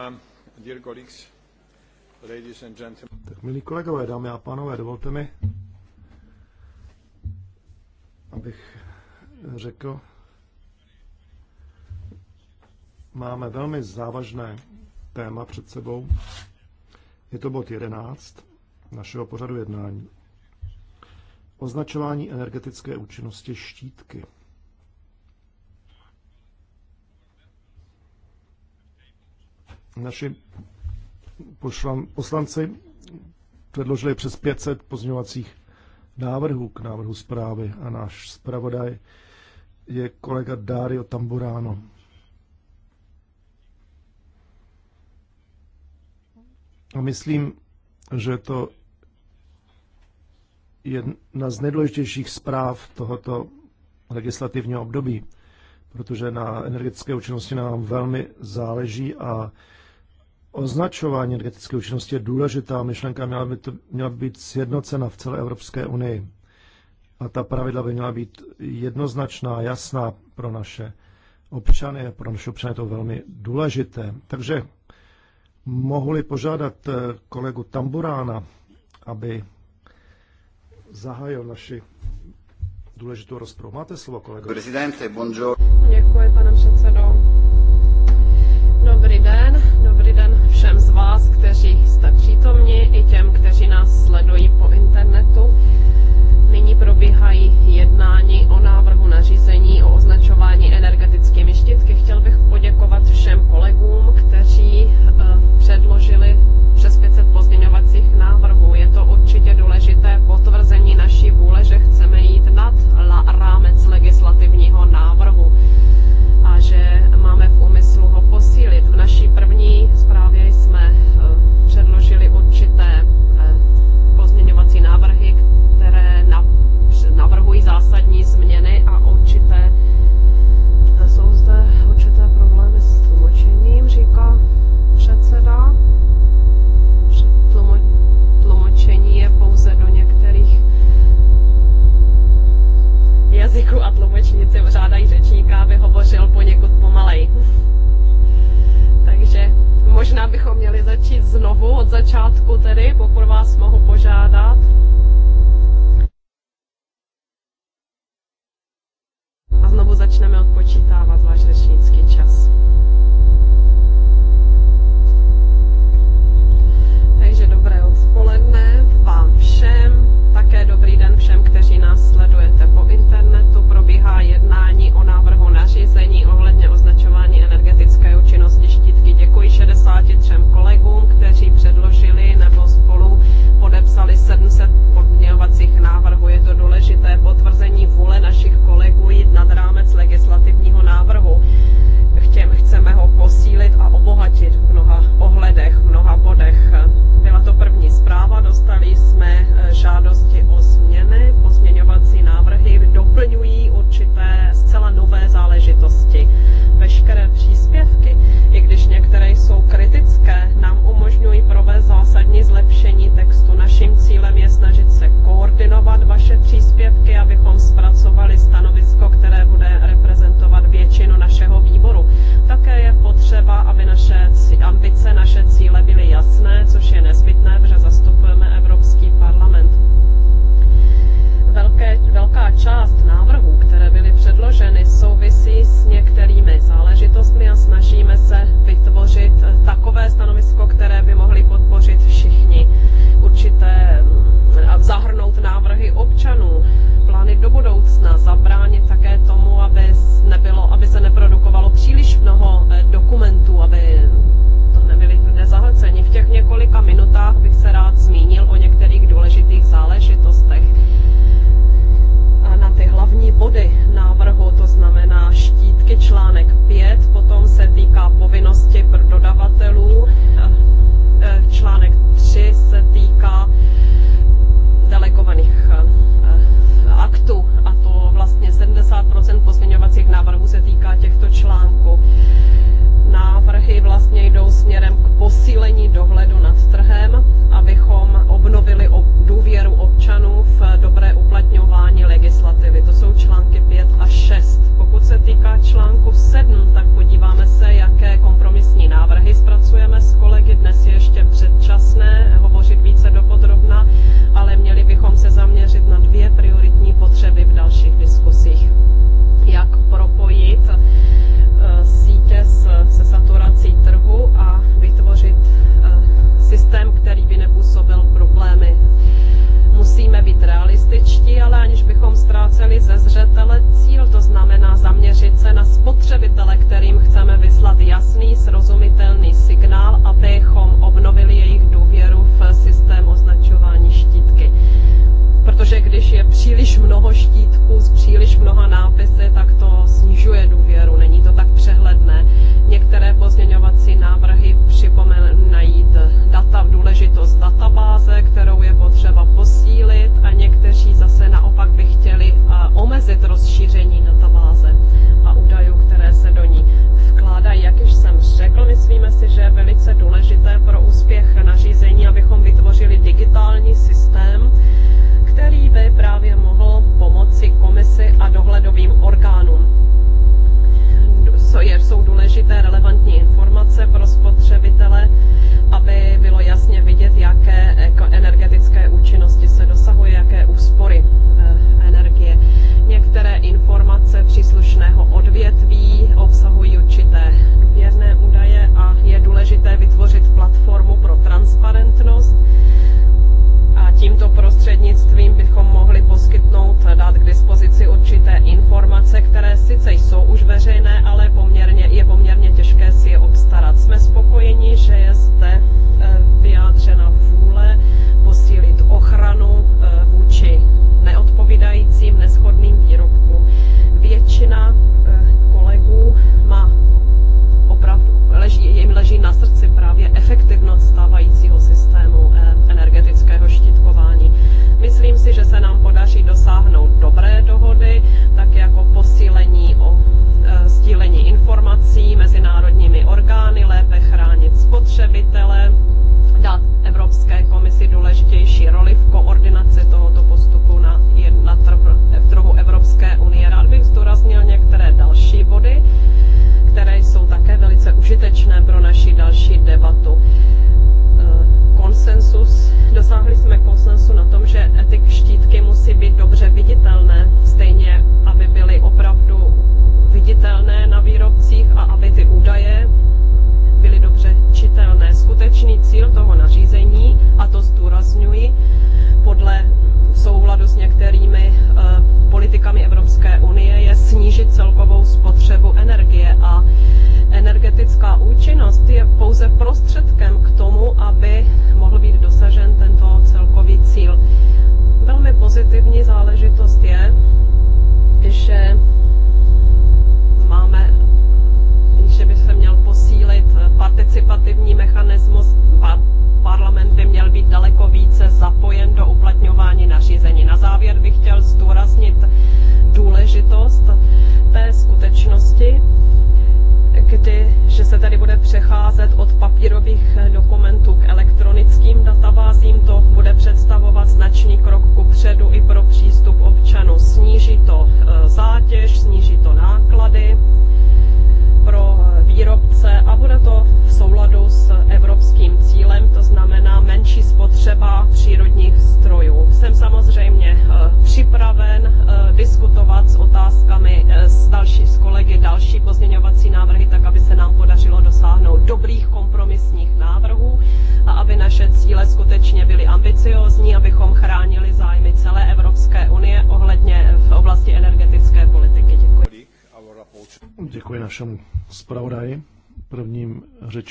Um, tak milí kolegové, dámy a pánové, dovolte mi, abych řekl, máme velmi závažné téma před sebou. Je to bod 11 našeho pořadu jednání. Označování energetické účinnosti štítky. Naši poslanci předložili přes 500 pozměňovacích návrhů k návrhu zprávy a náš zpravodaj je kolega Dario Tamburano. A myslím, že to jedna z nejdůležitějších zpráv tohoto legislativního období, protože na energetické účinnosti nám velmi záleží a označování energetické účinnosti je důležitá myšlenka, měla by, to, měla být sjednocena v celé Evropské unii. A ta pravidla by měla být jednoznačná, jasná pro naše občany. Pro naše občany je to velmi důležité. Takže mohli požádat eh, kolegu Tamburána, aby zahájil naši důležitou rozpravu. Máte slovo, kolego. Prezidente, bonjour. Děkuji, pane předsedo. chtěl bych poděkovat všem kolegům, kteří eh, předložili přes 500 pozměňovacích návrhů. Je to určitě důležité potvrzení naší vůle, že chceme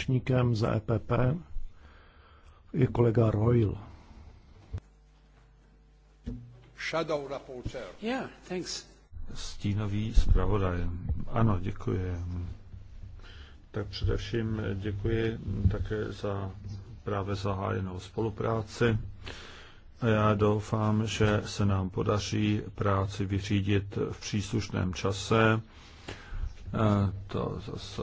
řečníkem za EPP je kolega Royal. Shadow reporter. Yeah, thanks. Stínový zpravodaj. Ano, děkuji. Tak především děkuji také za právě zahájenou spolupráci. A já doufám, že se nám podaří práci vyřídit v příslušném čase. To zase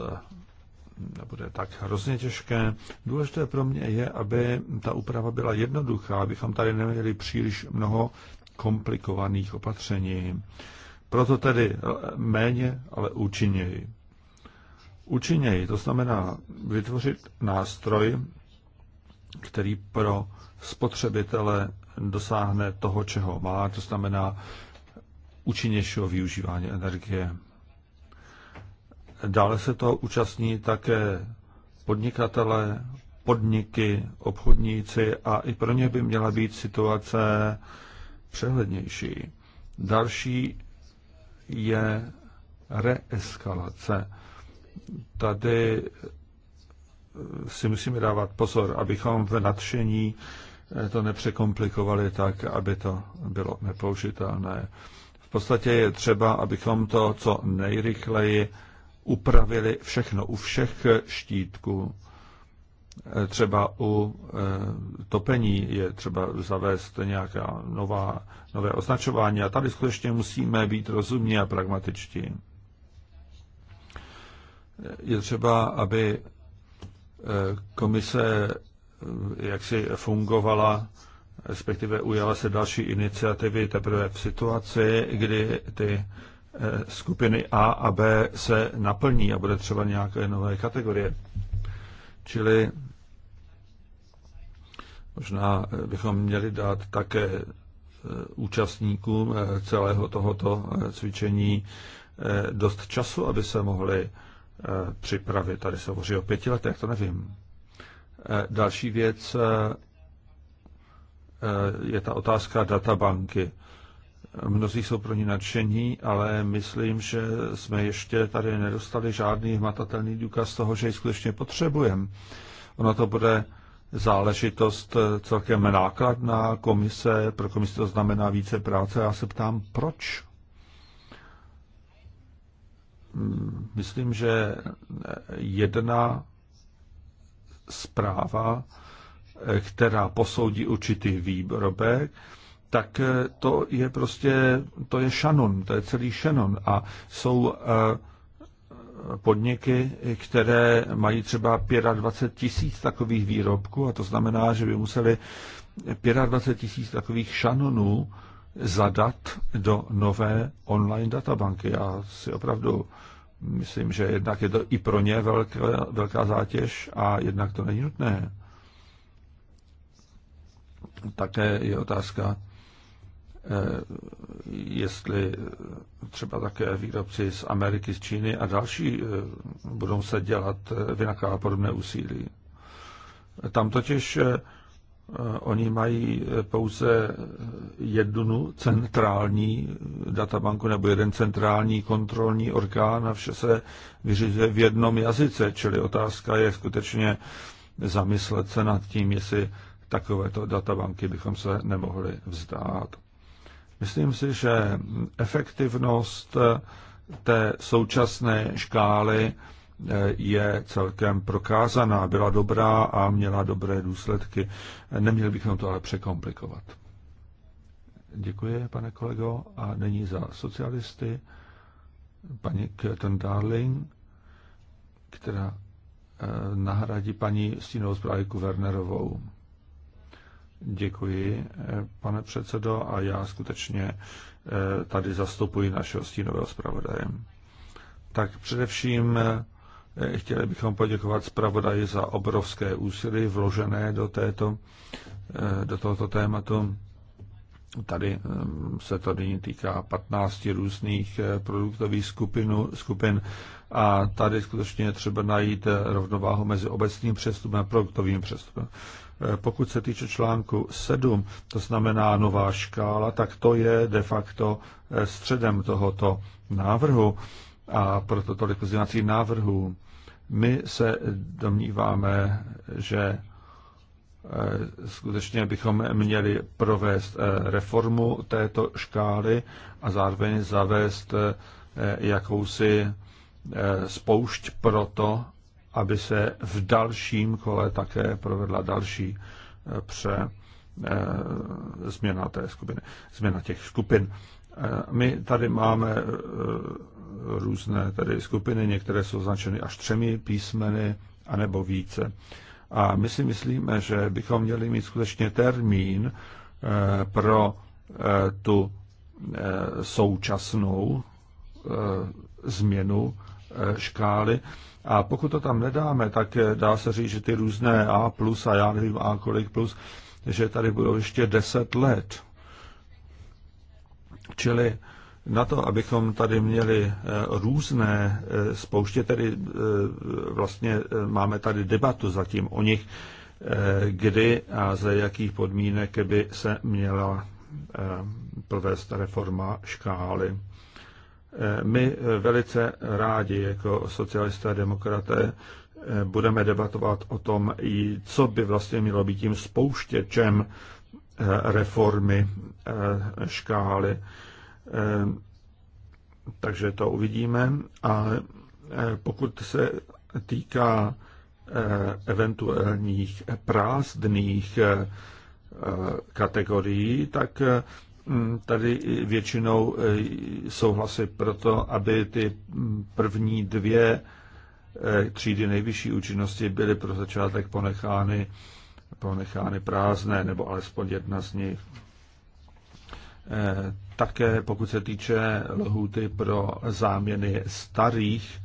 nebude tak hrozně těžké. Důležité pro mě je, aby ta úprava byla jednoduchá, abychom tady neměli příliš mnoho komplikovaných opatření. Proto tedy méně, ale účinněji. Účinněji, to znamená vytvořit nástroj, který pro spotřebitele dosáhne toho, čeho má, to znamená účinnějšího využívání energie. Dále se toho účastní také podnikatele, podniky, obchodníci a i pro ně by měla být situace přehlednější. Další je reeskalace. Tady eh, si musíme dávat pozor, abychom v nadšení eh, to nepřekomplikovali tak, aby to bylo nepoužitelné. V podstatě je třeba, abychom to co nejrychleji upravili všechno u všech štítků. E, třeba u e, topení je třeba zavést nějaká nová, nové označování a tady skutečně musíme být rozumní a pragmatičtí. E, je třeba, aby komise jaksi fungovala respektive ujala se další iniciativy teprve v situaci, kdy ty skupiny A a B se naplní a bude třeba nějaké nové kategorie. Čili možná bychom měli dát také e, účastníkům e, celého tohoto e, cvičení dost času, aby se mohli připravit. Tady se hovoří o pěti letech, to nevím. Další věc je ta otázka databanky. Mnozí jsou pro ní nadšení, ale myslím, že jsme ještě tady nedostali žádný hmatatelný důkaz toho, že ji skutečně potřebujeme. Ono to bude záležitost eh, celkem nákladná komise, pro komisi to znamená více práce. Já se ptám, proč? Mm, myslím, že jedna zpráva, eh, která posoudí určitý výrobek, tak eh, to je prostě, to je šanon, to je celý šanon. A jsou eh, podniky, které mají třeba 25 tisíc takových výrobků, a to znamená, že by museli 25 tisíc takových šanonů zadat do nové online databanky. Já si opravdu myslím, že jednak je to i pro ně velká, velká zátěž a jednak to není nutné. Také je otázka, Eh, jestli třeba také výrobci z Ameriky, z Číny a další eh, budou se dělat, eh, vynakávat podobné úsilí. Tam totiž oni mají pouze jednu centrální databanku nebo jeden centrální kontrolní orgán a vše se vyřizuje v jednom jazyce, čili otázka je skutečně zamyslet se nad tím, jestli takovéto databanky bychom se nemohli vzdát. Myslím si, že efektivnost té současné škály eh, je celkem prokázaná, byla dobrá a měla dobré důsledky. Neměli bychom to ale překomplikovat. Děkuji, pane kolego. A není za socialisty paní Kirton Darling, která eh, nahradí paní stínovou zprávy Wernerovou. Děkuji, eh, pane předsedo, a já skutečně eh, tady zastupuji našeho stínového zpravodaje. Tak především eh, chtěli bychom poděkovat zpravodaji za obrovské úsilí vložené do, této, do tohoto tématu. Tady se to nyní týká 15 různých produktových skupinu, skupin a tady skutečně je třeba najít rovnováhu mezi obecným přestupem a produktovým přestupem. Pokud se týče článku 7, to znamená nová škála, tak to je de facto eh, středem tohoto návrhu a proto tolik pozměňovacích návrhů. My se domníváme, že eh, skutečně bychom měli provést eh, reformu této škály a zároveň zavést jakousi spoušť pro to, aby se v dalším kole také provedla další eh, pře eh, změna té skupiny, změna těch skupin. Eh, my tady máme různé tady skupiny, některé jsou značeny až třemi písmeny, anebo více. A my si myslíme, že bychom měli mít skutečně termín pro tu současnou změnu Eh, škály. A pokud to tam nedáme, tak dá se říct, že ty různé A plus a já nevím A kolik plus, že tady budou ještě 10 let. Čili na to, abychom tady měli eh, různé eh, spouště, tedy vlastně máme tady debatu zatím o nich, kdy a za jakých podmínek by se měla provést reforma škály. Eh, my eh, velice rádi jako socialisté a demokraté eh, budeme debatovat o tom, co by vlastně mělo být tím spouštěčem reformy škály. Takže to uvidíme. A pokud se týká eventuálních prázdných kategorií, tak Mm, tady většinou eh, souhlasy to, aby ty mm, první dvě eh, třídy nejvyšší účinnosti byly pro začátek ponechány, ponechány prázdné, nebo alespoň jedna z nich. Eh, také pokud se týče lhuty pro záměny starých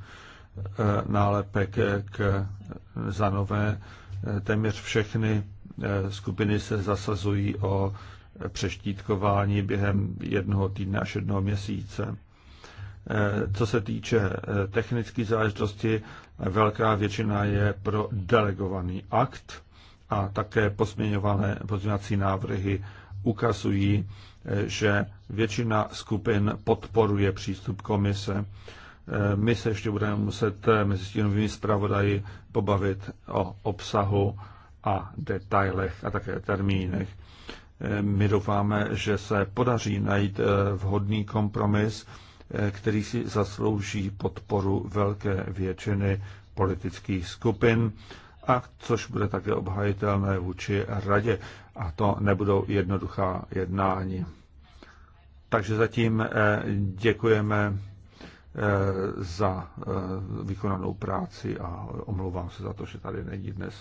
nálepek k, za nové, téměř všechny skupiny se zasazují o přeštítkování během jednoho týdne až jednoho měsíce. Eh, co se týče eh, technické záležitosti, velká většina je pro delegovaný akt a také posměňované pozměňovací návrhy ukazují, eh, že většina skupin podporuje přístup komise. My se ještě budeme muset mezi stínovými zpravodaji pobavit o obsahu a detailech a také termínech. My doufáme, že se podaří najít eh, vhodný kompromis, eh, který si zaslouží podporu velké většiny politických skupin, a což bude také obhajitelné vůči radě. A to nebudou jednoduchá jednání. Takže zatím eh, děkujeme za vykonanou práci a omlouvám se za to, že tady není dnes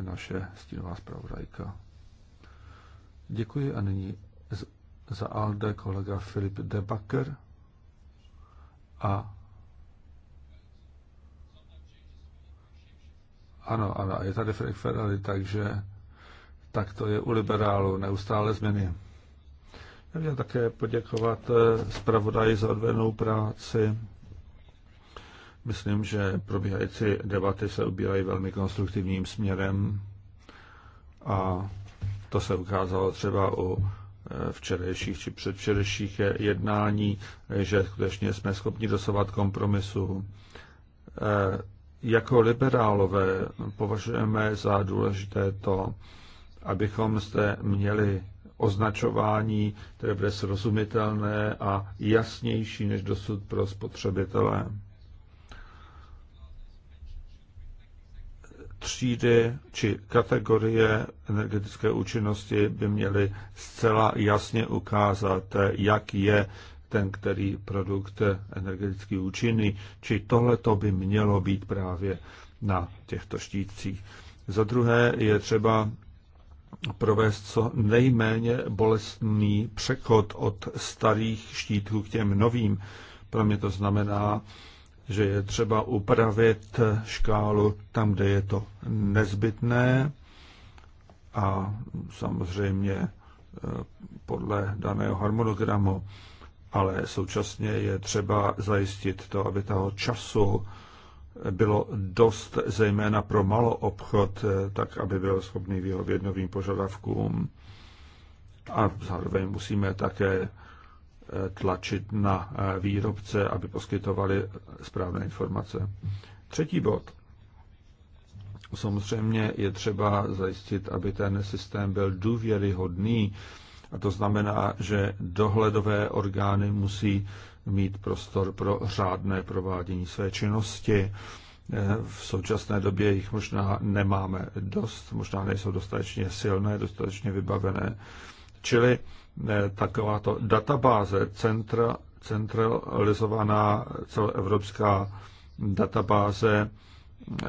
naše stínová zpravodajka. Děkuji a nyní za ALDE kolega Filip Debaker a Ano, ano, je tady Frank Ferrari, takže tak to je u liberálu, neustále změny. Já bych také poděkovat eh, zpravodaji za odvedenou práci. Myslím, že probíhající debaty se ubírají velmi konstruktivním směrem a to se ukázalo třeba u eh, včerejších či předvčerejších jednání, že skutečně jsme schopni dosovat kompromisu. Eh, jako liberálové považujeme za důležité to, abychom zde měli označování, které bude srozumitelné a jasnější než dosud pro spotřebitele. třídy či kategorie energetické účinnosti by měly zcela jasně ukázat, jak je ten, který produkt energeticky účinný, či tohle to by mělo být právě na těchto štítcích. Za druhé je třeba provést co nejméně bolestný přechod od starých štítků k těm novým. Pro mě to znamená že je třeba upravit škálu tam, kde je to nezbytné a samozřejmě eh, podle daného harmonogramu, ale současně je třeba zajistit to, aby toho času bylo dost, zejména pro maloobchod, eh, tak aby byl schopný vyhovět novým požadavkům. A zároveň musíme také tlačit na eh, výrobce, aby poskytovali eh, správné informace. Třetí bod. Samozřejmě je třeba zajistit, aby ten systém byl důvěryhodný. A to znamená, že dohledové orgány musí mít prostor pro řádné provádění své činnosti. Eh, v současné době jich možná nemáme dost, možná nejsou dostatečně silné, dostatečně vybavené. Čili takováto databáze, centra, centralizovaná celoevropská databáze eh,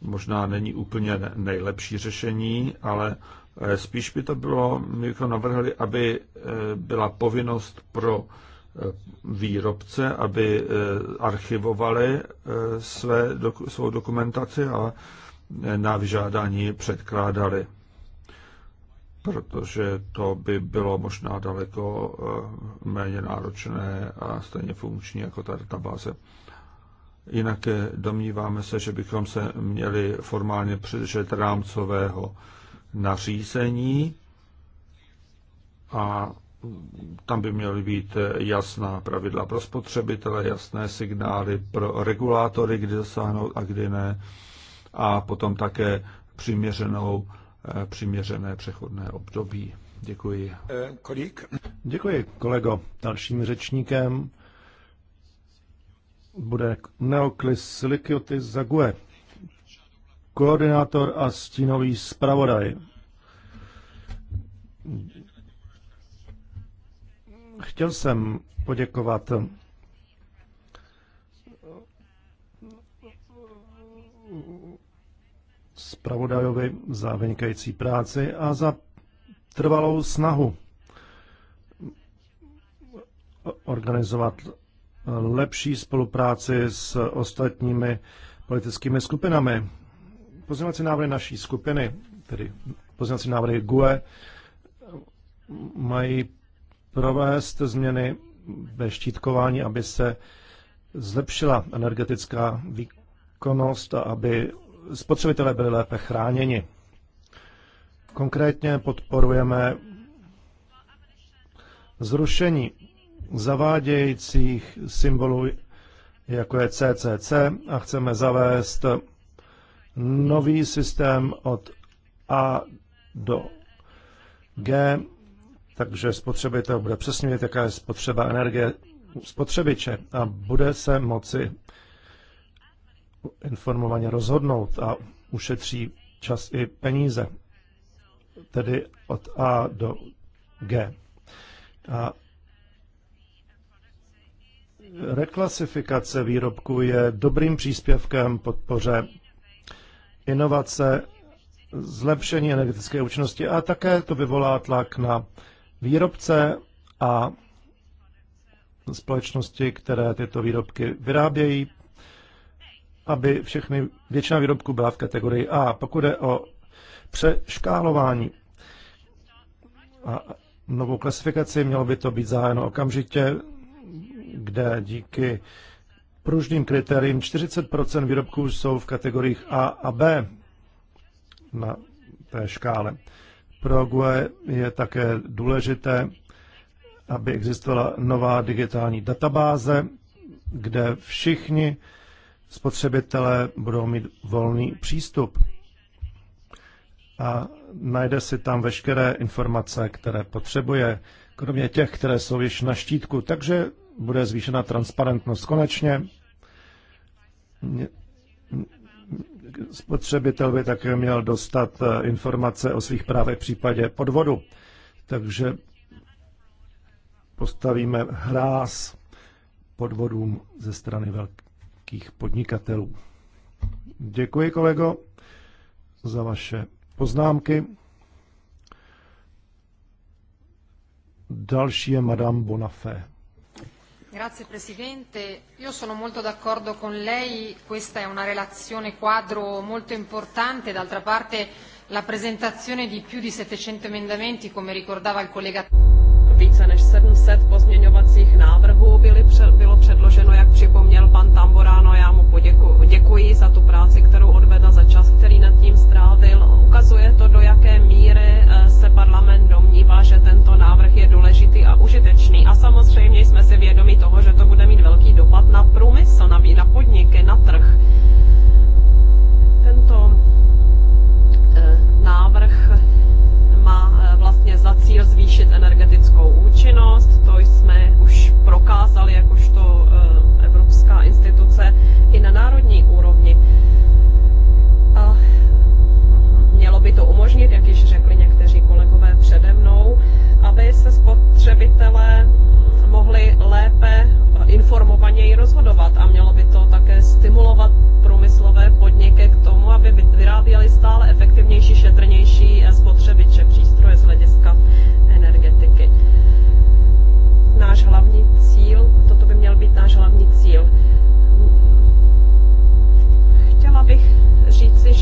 možná není úplně nejlepší řešení, ale eh, spíš by to bylo, my bychom navrhli, aby eh, byla povinnost pro výrobce, aby archivovali své, svou dokumentaci a na vyžádání předkládali protože to by bylo možná daleko eh, méně náročné a stejně funkční jako ta databáze. Jinak eh, domníváme se, že bychom se měli formálně přidržet rámcového nařízení a tam by měly být eh, jasná pravidla pro spotřebitele, jasné signály pro regulátory, kdy zasáhnout a kdy ne, a potom také přiměřenou Eh, přiměřené přechodné období. Děkuji. Eh, kolik? Děkuji, kolego. Dalším řečníkem bude Neoklis Silikiotis Zague, koordinátor a stínový zpravodaj. Chtěl jsem poděkovat zpravodajovi za vynikající práci a za trvalou snahu organizovat lepší spolupráci s ostatními politickými skupinami. Pozměňovací návrhy naší skupiny, tedy pozměňovací návrhy GUE, mají provést změny ve štítkování, aby se zlepšila energetická výkonnost a aby spotřebitelé byli lépe chráněni. Konkrétně podporujeme zrušení zavádějících symbolů, jako je CCC, a chceme zavést nový systém od A do G, takže spotřebitel bude přesně vědět, jaká je spotřeba energie spotřebiče a bude se moci informovaně rozhodnout a ušetří čas i peníze, tedy od A do G. A reklasifikace výrobků je dobrým příspěvkem podpoře inovace, zlepšení energetické účinnosti a také to vyvolá tlak na výrobce a společnosti, které tyto výrobky vyrábějí, aby všechny, většina výrobků byla v kategorii A. Pokud jde o přeškálování a novou klasifikaci, mělo by to být zájeno okamžitě, kde díky pružným kritériím 40% výrobků jsou v kategoriích A a B na té škále. Pro GUE je také důležité, aby existovala nová digitální databáze, kde všichni spotřebitelé budou mít volný přístup a najde si tam veškeré informace, které potřebuje, kromě těch, které jsou již na štítku, takže bude zvýšena transparentnost. Konečně spotřebitel by také měl dostat eh, informace o svých právech v případě podvodu. Takže postavíme hráz podvodům ze strany velké evropských podnikatelů. Děkuji, kolego, za vaše poznámky. Další je Madame Bonafé. Grazie Presidente, io sono molto d'accordo con lei, questa è una relazione quadro molto importante, d'altra parte la presentazione di più di 700 emendamenti, come ricordava il collega více než 700 pozměňovacích návrhů byly, bylo předloženo, jak připomněl pan Tamboráno. Já mu poděku, děkuji za tu práci, kterou odvedl, za čas, který nad tím strávil. Ukazuje to, do jaké míry eh, se parlament domnívá, že tento návrh je důležitý a užitečný. A samozřejmě jsme si vědomi toho, že to bude mít velký dopad na průmysl, na, na podniky, na trh. Tento eh, návrh vlastně za cíl zvýšit energetickou účinnost. To jsme už prokázali jakožto eh, evropská instituce i na národní úrovni. A mělo by to umožnit, jak již řekli někteří kolegové přede mnou, aby se spotřebitelé mohli lépe informovaněji rozhodovat a mělo by to také stimulovat průmyslové podniky k tomu, aby vyráběly stále efektivnější, šetrnější spotřebiče přístroje z hlediska energetiky. Náš hlavní cíl, toto by měl být náš hlavní cíl.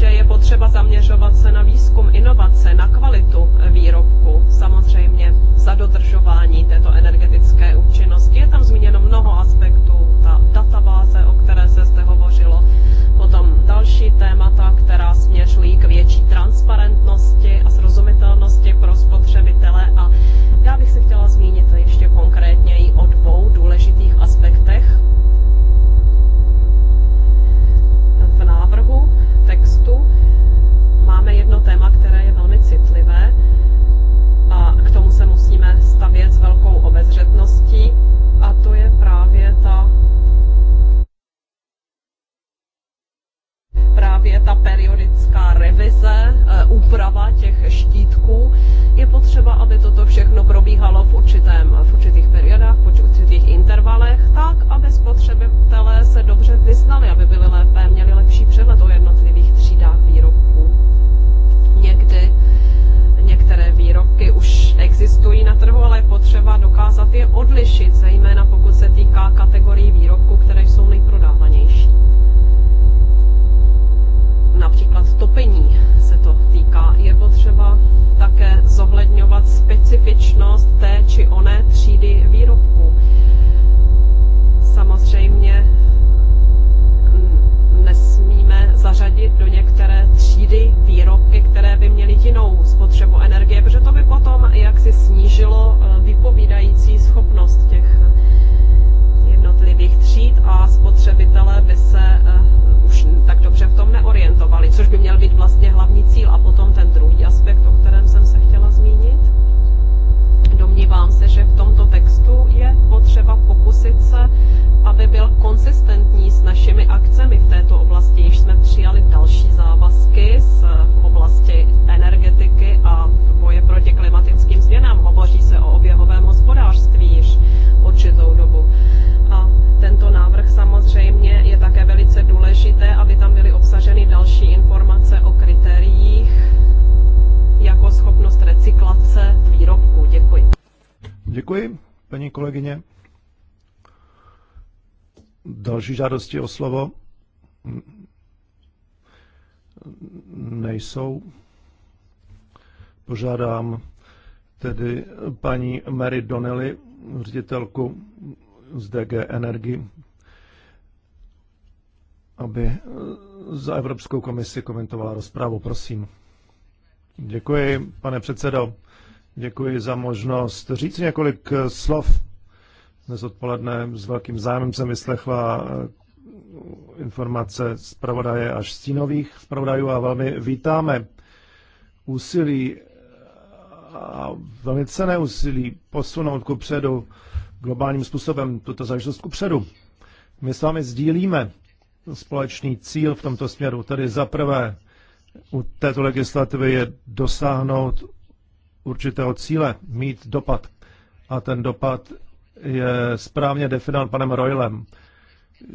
že je potřeba zaměřovat se na výzkum, inovace, na kvalitu výrobku, samozřejmě za dodržování této energetické účinnosti. Je tam zmíněno mnoho aspektů, ta databáze, o které se zde hovořilo, potom další témata, která směřují k větší transparentnosti a srozumitelnosti pro spotřebitele. A já bych se chtěla další žádosti o slovo? Nejsou. Požádám tedy paní Mary Donnelly, ředitelku z DG Energy, aby za Evropskou komisi komentovala rozprávu. Prosím. Děkuji, pane předsedo. Děkuji za možnost říct několik slov dnes odpoledne s velkým zájmem jsem vyslechla eh, informace z pravodaje až stínových zpravodajů a velmi vítáme úsilí eh, a velmi cené úsilí posunout ku předu globálním způsobem tuto zážitost ku předu. My s vámi sdílíme společný cíl v tomto směru, tedy za prvé u této legislativy je dosáhnout určitého cíle, mít dopad. A ten dopad je správně definován panem Roylem.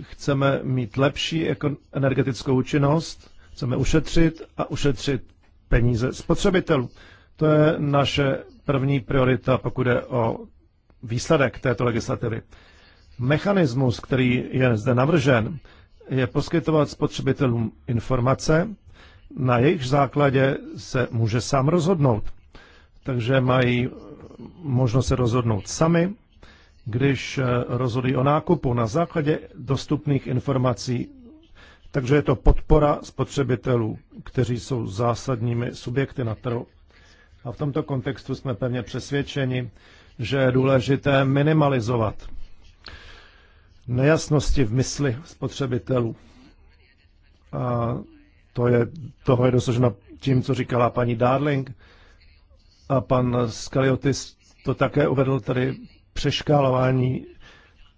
Chceme mít lepší energetickou účinnost, chceme ušetřit a ušetřit peníze spotřebitelů. To je naše první priorita, pokud jde o výsledek této legislativy. Mechanismus, který je zde navržen, je poskytovat spotřebitelům informace, na jejich základě se může sám rozhodnout. Takže mají možnost se rozhodnout sami, když eh, rozhodují o nákupu na základě dostupných informací. Takže je to podpora spotřebitelů, kteří jsou zásadními subjekty na trhu. A v tomto kontextu jsme pevně přesvědčeni, že je důležité minimalizovat nejasnosti v mysli spotřebitelů. A to je, toho je dosaženo tím, co říkala paní Darling a pan Skaliotis to také uvedl, tady přeškálování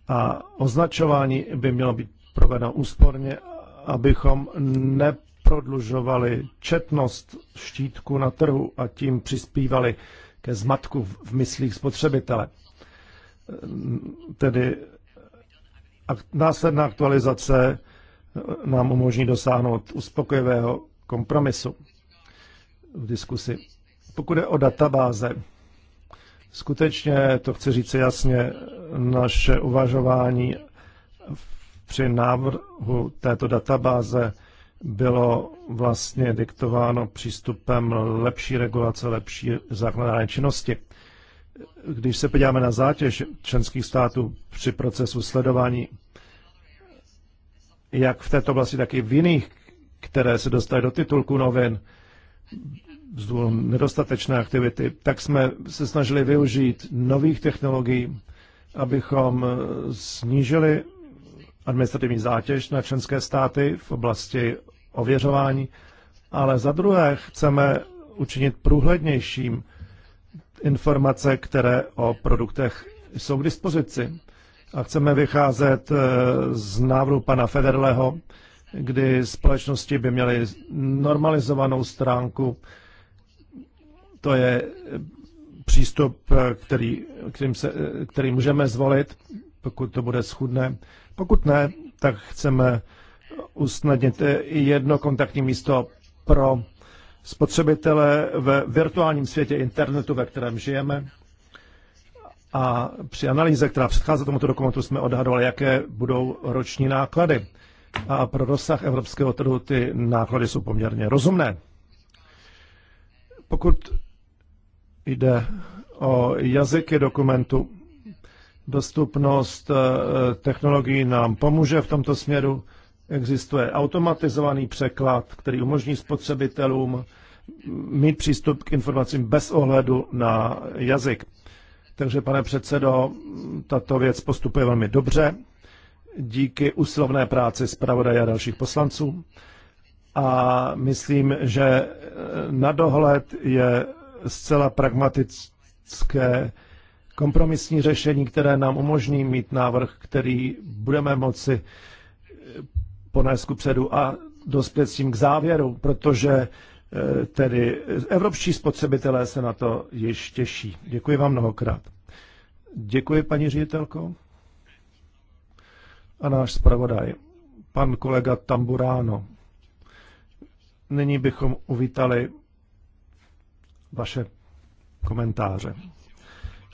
a označování by mělo být provedeno úsporně, abychom neprodlužovali četnost štítku na trhu a tím přispívali ke zmatku v myslích spotřebitele. Tedy následná aktualizace nám umožní dosáhnout uspokojivého kompromisu v diskusi. Pokud je o databáze, Skutečně, to chci říct jasně, naše uvažování při návrhu této databáze bylo vlastně diktováno přístupem lepší regulace, lepší zákonodárné činnosti. Když se podíváme na zátěž členských států při procesu sledování, jak v této oblasti, tak i v jiných, které se dostaly do titulku novin, z důvodu nedostatečné aktivity, tak jsme se snažili využít nových technologií, abychom eh, snížili administrativní zátěž na členské státy v oblasti ověřování, ale za druhé chceme učinit průhlednějším informace, které o produktech jsou k dispozici. A chceme vycházet eh, z návrhu pana Federleho, kdy společnosti by měly normalizovanou stránku to je eh, přístup, eh, který, kterým se, eh, který můžeme zvolit, pokud to bude schudné. Pokud ne, tak chceme usnadnit jedno kontaktní místo pro spotřebitele ve virtuálním světě internetu, ve kterém žijeme. A při analýze, která předchází tomuto dokumentu, jsme odhadovali, jaké budou roční náklady. A pro rozsah evropského trhu ty náklady jsou poměrně rozumné. Pokud Jde o jazyky dokumentu. Dostupnost eh, technologií nám pomůže v tomto směru. Existuje automatizovaný překlad, který umožní spotřebitelům mít přístup k informacím bez ohledu na jazyk. Takže, pane předsedo, tato věc postupuje velmi dobře díky usilovné práci zpravodaje a dalších poslanců. A myslím, že na dohled je zcela pragmatické kompromisní řešení, které nám umožní mít návrh, který budeme moci eh, ponést ku předu a dospět s tím k závěru, protože eh, tedy evropští spotřebitelé se na to již těší. Děkuji vám mnohokrát. Děkuji, paní ředitelko. A náš zpravodaj, pan kolega Tamburáno. Nyní bychom uvítali vaše komentáře.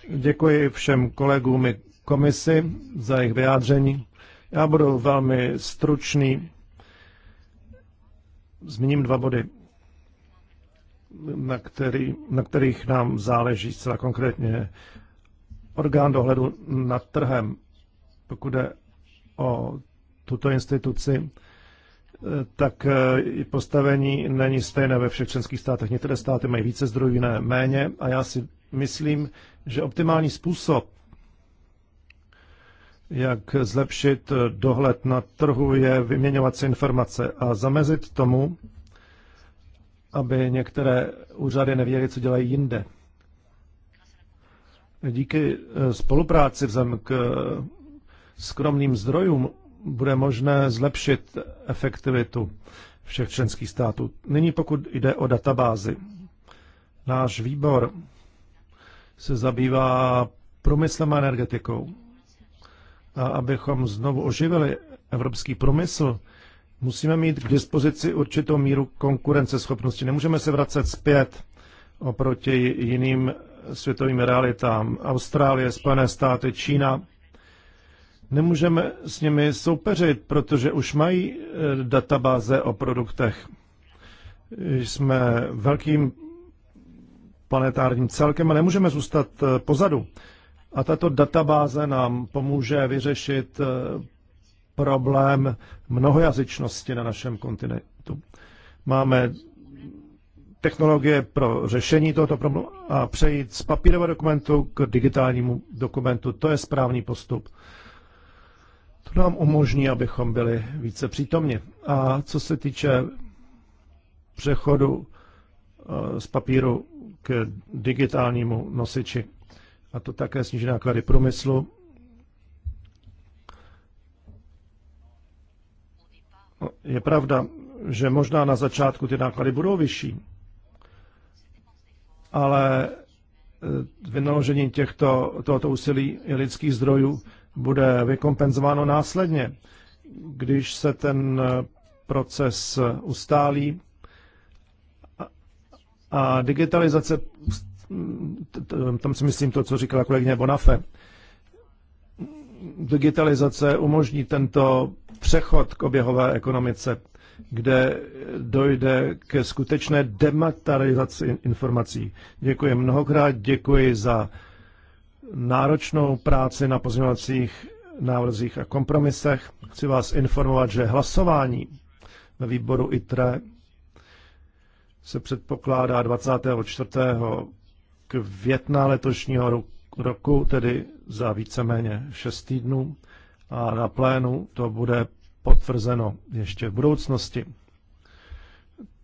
Děkuji všem kolegům i komisi za jejich vyjádření. Já budu velmi stručný. Zmíním dva body, na, který, na kterých nám záleží zcela konkrétně. Orgán dohledu nad trhem, pokud jde o tuto instituci, tak eh, postavení není stejné ve všech členských státech. Některé státy mají více zdrojů, jiné méně a já si myslím, že optimální způsob, jak zlepšit eh, dohled na trhu, je vyměňovat si informace a zamezit tomu, aby některé úřady nevěděly, co dělají jinde. Díky eh, spolupráci vzhledem k skromným zdrojům bude možné zlepšit efektivitu všech členských států. Nyní pokud jde o databázy. Náš výbor se zabývá průmyslem a energetikou. A abychom znovu oživili evropský průmysl, musíme mít k dispozici určitou míru konkurenceschopnosti. Nemůžeme se vracet zpět oproti jiným světovým realitám. Austrálie, Spojené státy, Čína Nemůžeme s nimi soupeřit, protože už mají eh, databáze o produktech. Jsme velkým planetárním celkem a nemůžeme zůstat eh, pozadu. A tato databáze nám pomůže vyřešit eh, problém mnohojazyčnosti na našem kontinentu. Máme technologie pro řešení tohoto problému a přejít z papírového dokumentu k digitálnímu dokumentu. To je správný postup nám umožní, abychom byli více přítomni. A co se týče přechodu eh, z papíru k digitálnímu nosiči, a to také sníží náklady průmyslu, je pravda, že možná na začátku ty náklady budou vyšší, ale eh, vynaložení těchto, tohoto úsilí lidských zdrojů bude vykompenzováno následně, když se ten eh, proces eh, ustálí a digitalizace, hm, tam si myslím to, co říkala kolegyně Bonafe, digitalizace umožní tento přechod k oběhové ekonomice, kde dojde ke skutečné dematerializaci informací. Děkuji mnohokrát, děkuji za náročnou práci na pozměňovacích návrzích a kompromisech. Chci vás informovat, že hlasování ve výboru ITRE se předpokládá 24. května letošního roku, tedy za víceméně 6 týdnů. A na plénu to bude potvrzeno ještě v budoucnosti.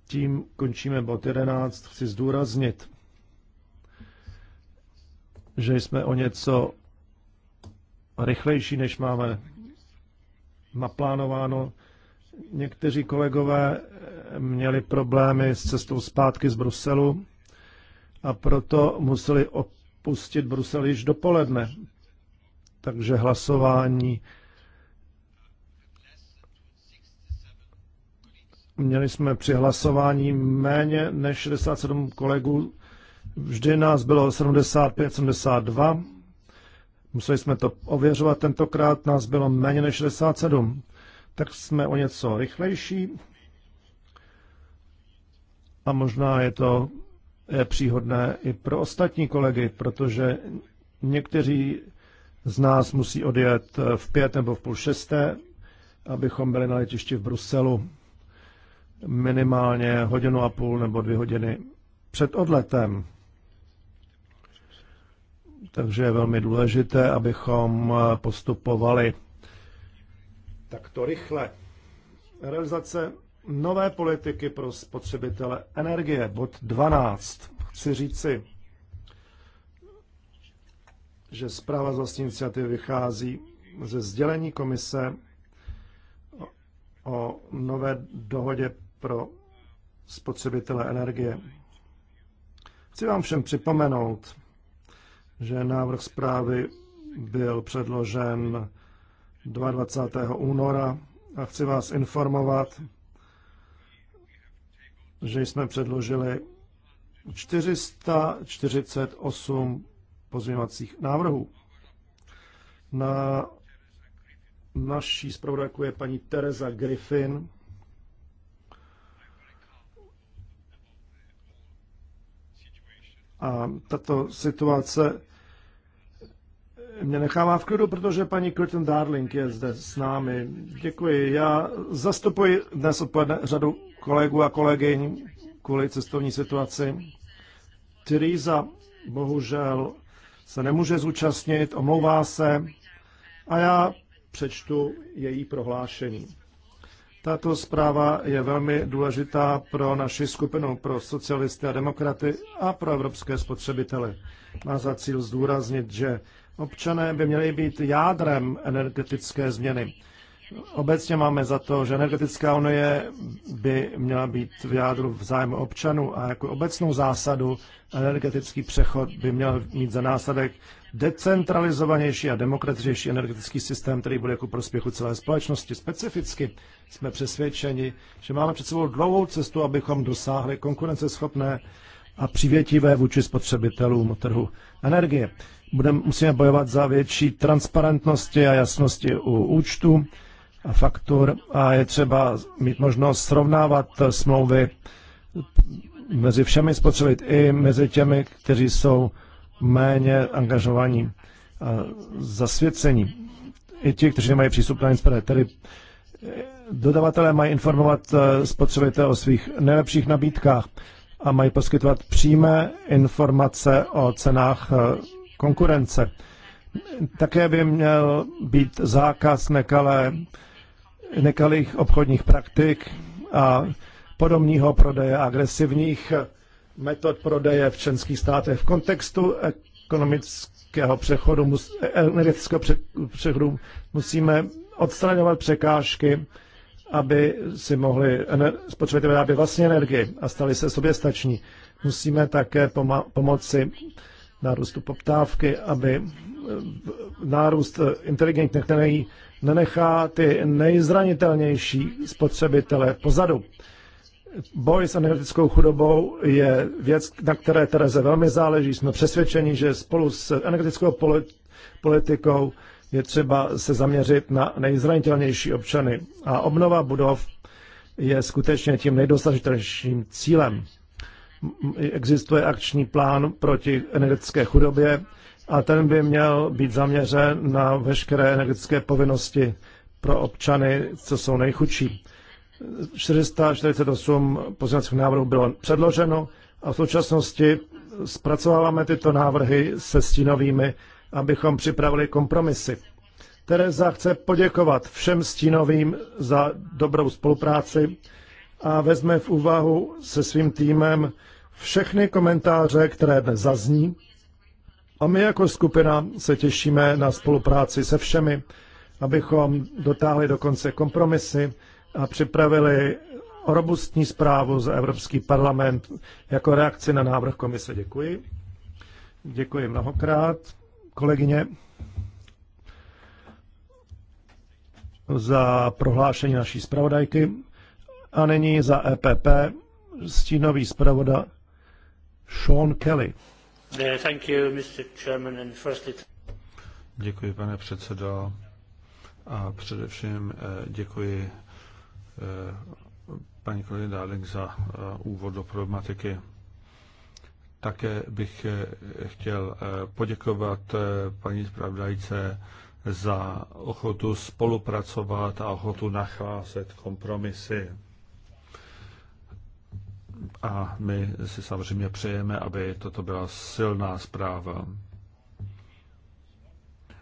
Tím končíme bod 11. Chci zdůraznit, že jsme o něco rychlejší, než máme naplánováno. Někteří kolegové měli problémy s cestou zpátky z Bruselu a proto museli opustit Brusel již dopoledne. Takže hlasování měli jsme při hlasování méně než 67 kolegů Vždy nás bylo 75-72, museli jsme to ověřovat, tentokrát nás bylo méně než 67, tak jsme o něco rychlejší a možná je to je příhodné i pro ostatní kolegy, protože někteří z nás musí odjet v pět nebo v půl šesté, abychom byli na letišti v Bruselu minimálně hodinu a půl nebo dvě hodiny před odletem. Takže je velmi důležité, abychom eh, postupovali takto rychle. Realizace nové politiky pro spotřebitele energie, bod 12. Chci říci, že zpráva z vlastní iniciativy vychází ze sdělení komise o nové dohodě pro spotřebitele energie. Chci vám všem připomenout, že návrh zprávy byl předložen 22. února a chci vás informovat, že jsme předložili 448 pozměňovacích návrhů. Na naší zpravodajku je paní Teresa Griffin. A tato situace mě nechává v klidu, protože paní Curtin Darling je zde s námi. Děkuji. Já zastupuji dnes odpoledne řadu kolegů a kolegyň kvůli cestovní situaci. Teresa bohužel se nemůže zúčastnit, omlouvá se a já přečtu její prohlášení. Tato zpráva je velmi důležitá pro naši skupinu, pro socialisty a demokraty a pro evropské spotřebitele. Má za cíl zdůraznit, že Občané by měli být jádrem energetické změny. Obecně máme za to, že energetická unie by měla být v jádru v zájmu občanů a jako obecnou zásadu energetický přechod by měl mít za následek decentralizovanější a demokratičnější energetický systém, který bude ku prospěchu celé společnosti. Specificky jsme přesvědčeni, že máme před sebou dlouhou cestu, abychom dosáhli konkurenceschopné a přivětivé vůči spotřebitelům trhu energie budem, musíme bojovat za větší transparentnosti a jasnosti u účtu a faktur a je třeba mít možnost srovnávat smlouvy mezi všemi spotřebit i mezi těmi, kteří jsou méně angažovaní a zasvěcení. I ti, kteří mají přístup na internet. Tedy eh, dodavatelé mají informovat eh, spotřebitele o svých nejlepších nabídkách a mají poskytovat přímé informace o cenách eh, konkurence. Také by měl být zákaz nekalé, nekalých obchodních praktik a podobního prodeje agresivních metod prodeje v členských státech v kontextu ekonomického přechodu, energetického přechodu musíme odstraňovat překážky, aby si mohli spotřebitelé vyrábět vlastní energii a stali se soběstační. Musíme také pomoci nárůstu poptávky, aby eh, nárůst eh, inteligentních technologií nenechá ty nejzranitelnější spotřebitele pozadu. Boj s energetickou chudobou je věc, na které Tereze velmi záleží. Jsme přesvědčeni, že spolu s energetickou politikou je třeba se zaměřit na nejzranitelnější občany. A obnova budov je skutečně tím nejdosažitelnějším cílem existuje akční plán proti energetické chudobě a ten by měl být zaměřen na veškeré energetické povinnosti pro občany, co jsou nejchudší. 448 pozměňovacích návrhů bylo předloženo a v současnosti zpracováváme tyto návrhy se stínovými, abychom připravili kompromisy. Tereza chce poděkovat všem stínovým za dobrou spolupráci a vezme v úvahu se svým týmem všechny komentáře, které dnes zazní. A my jako skupina se těšíme na spolupráci se všemi, abychom dotáhli do konce kompromisy a připravili robustní zprávu za Evropský parlament jako reakci na návrh komise. Děkuji. Děkuji mnohokrát, kolegyně, za prohlášení naší zpravodajky. A nyní za EPP stínový zpravoda Sean Kelly. Děkuji, pane předsedo. A především eh, děkuji eh, paní kolegy Dálek za eh, úvod do problematiky. Také bych chtěl poděkovat paní zpravodajce za ochotu spolupracovat a ochotu nacházet kompromisy. A my si samozřejmě přejeme, aby toto byla silná zpráva. Eh,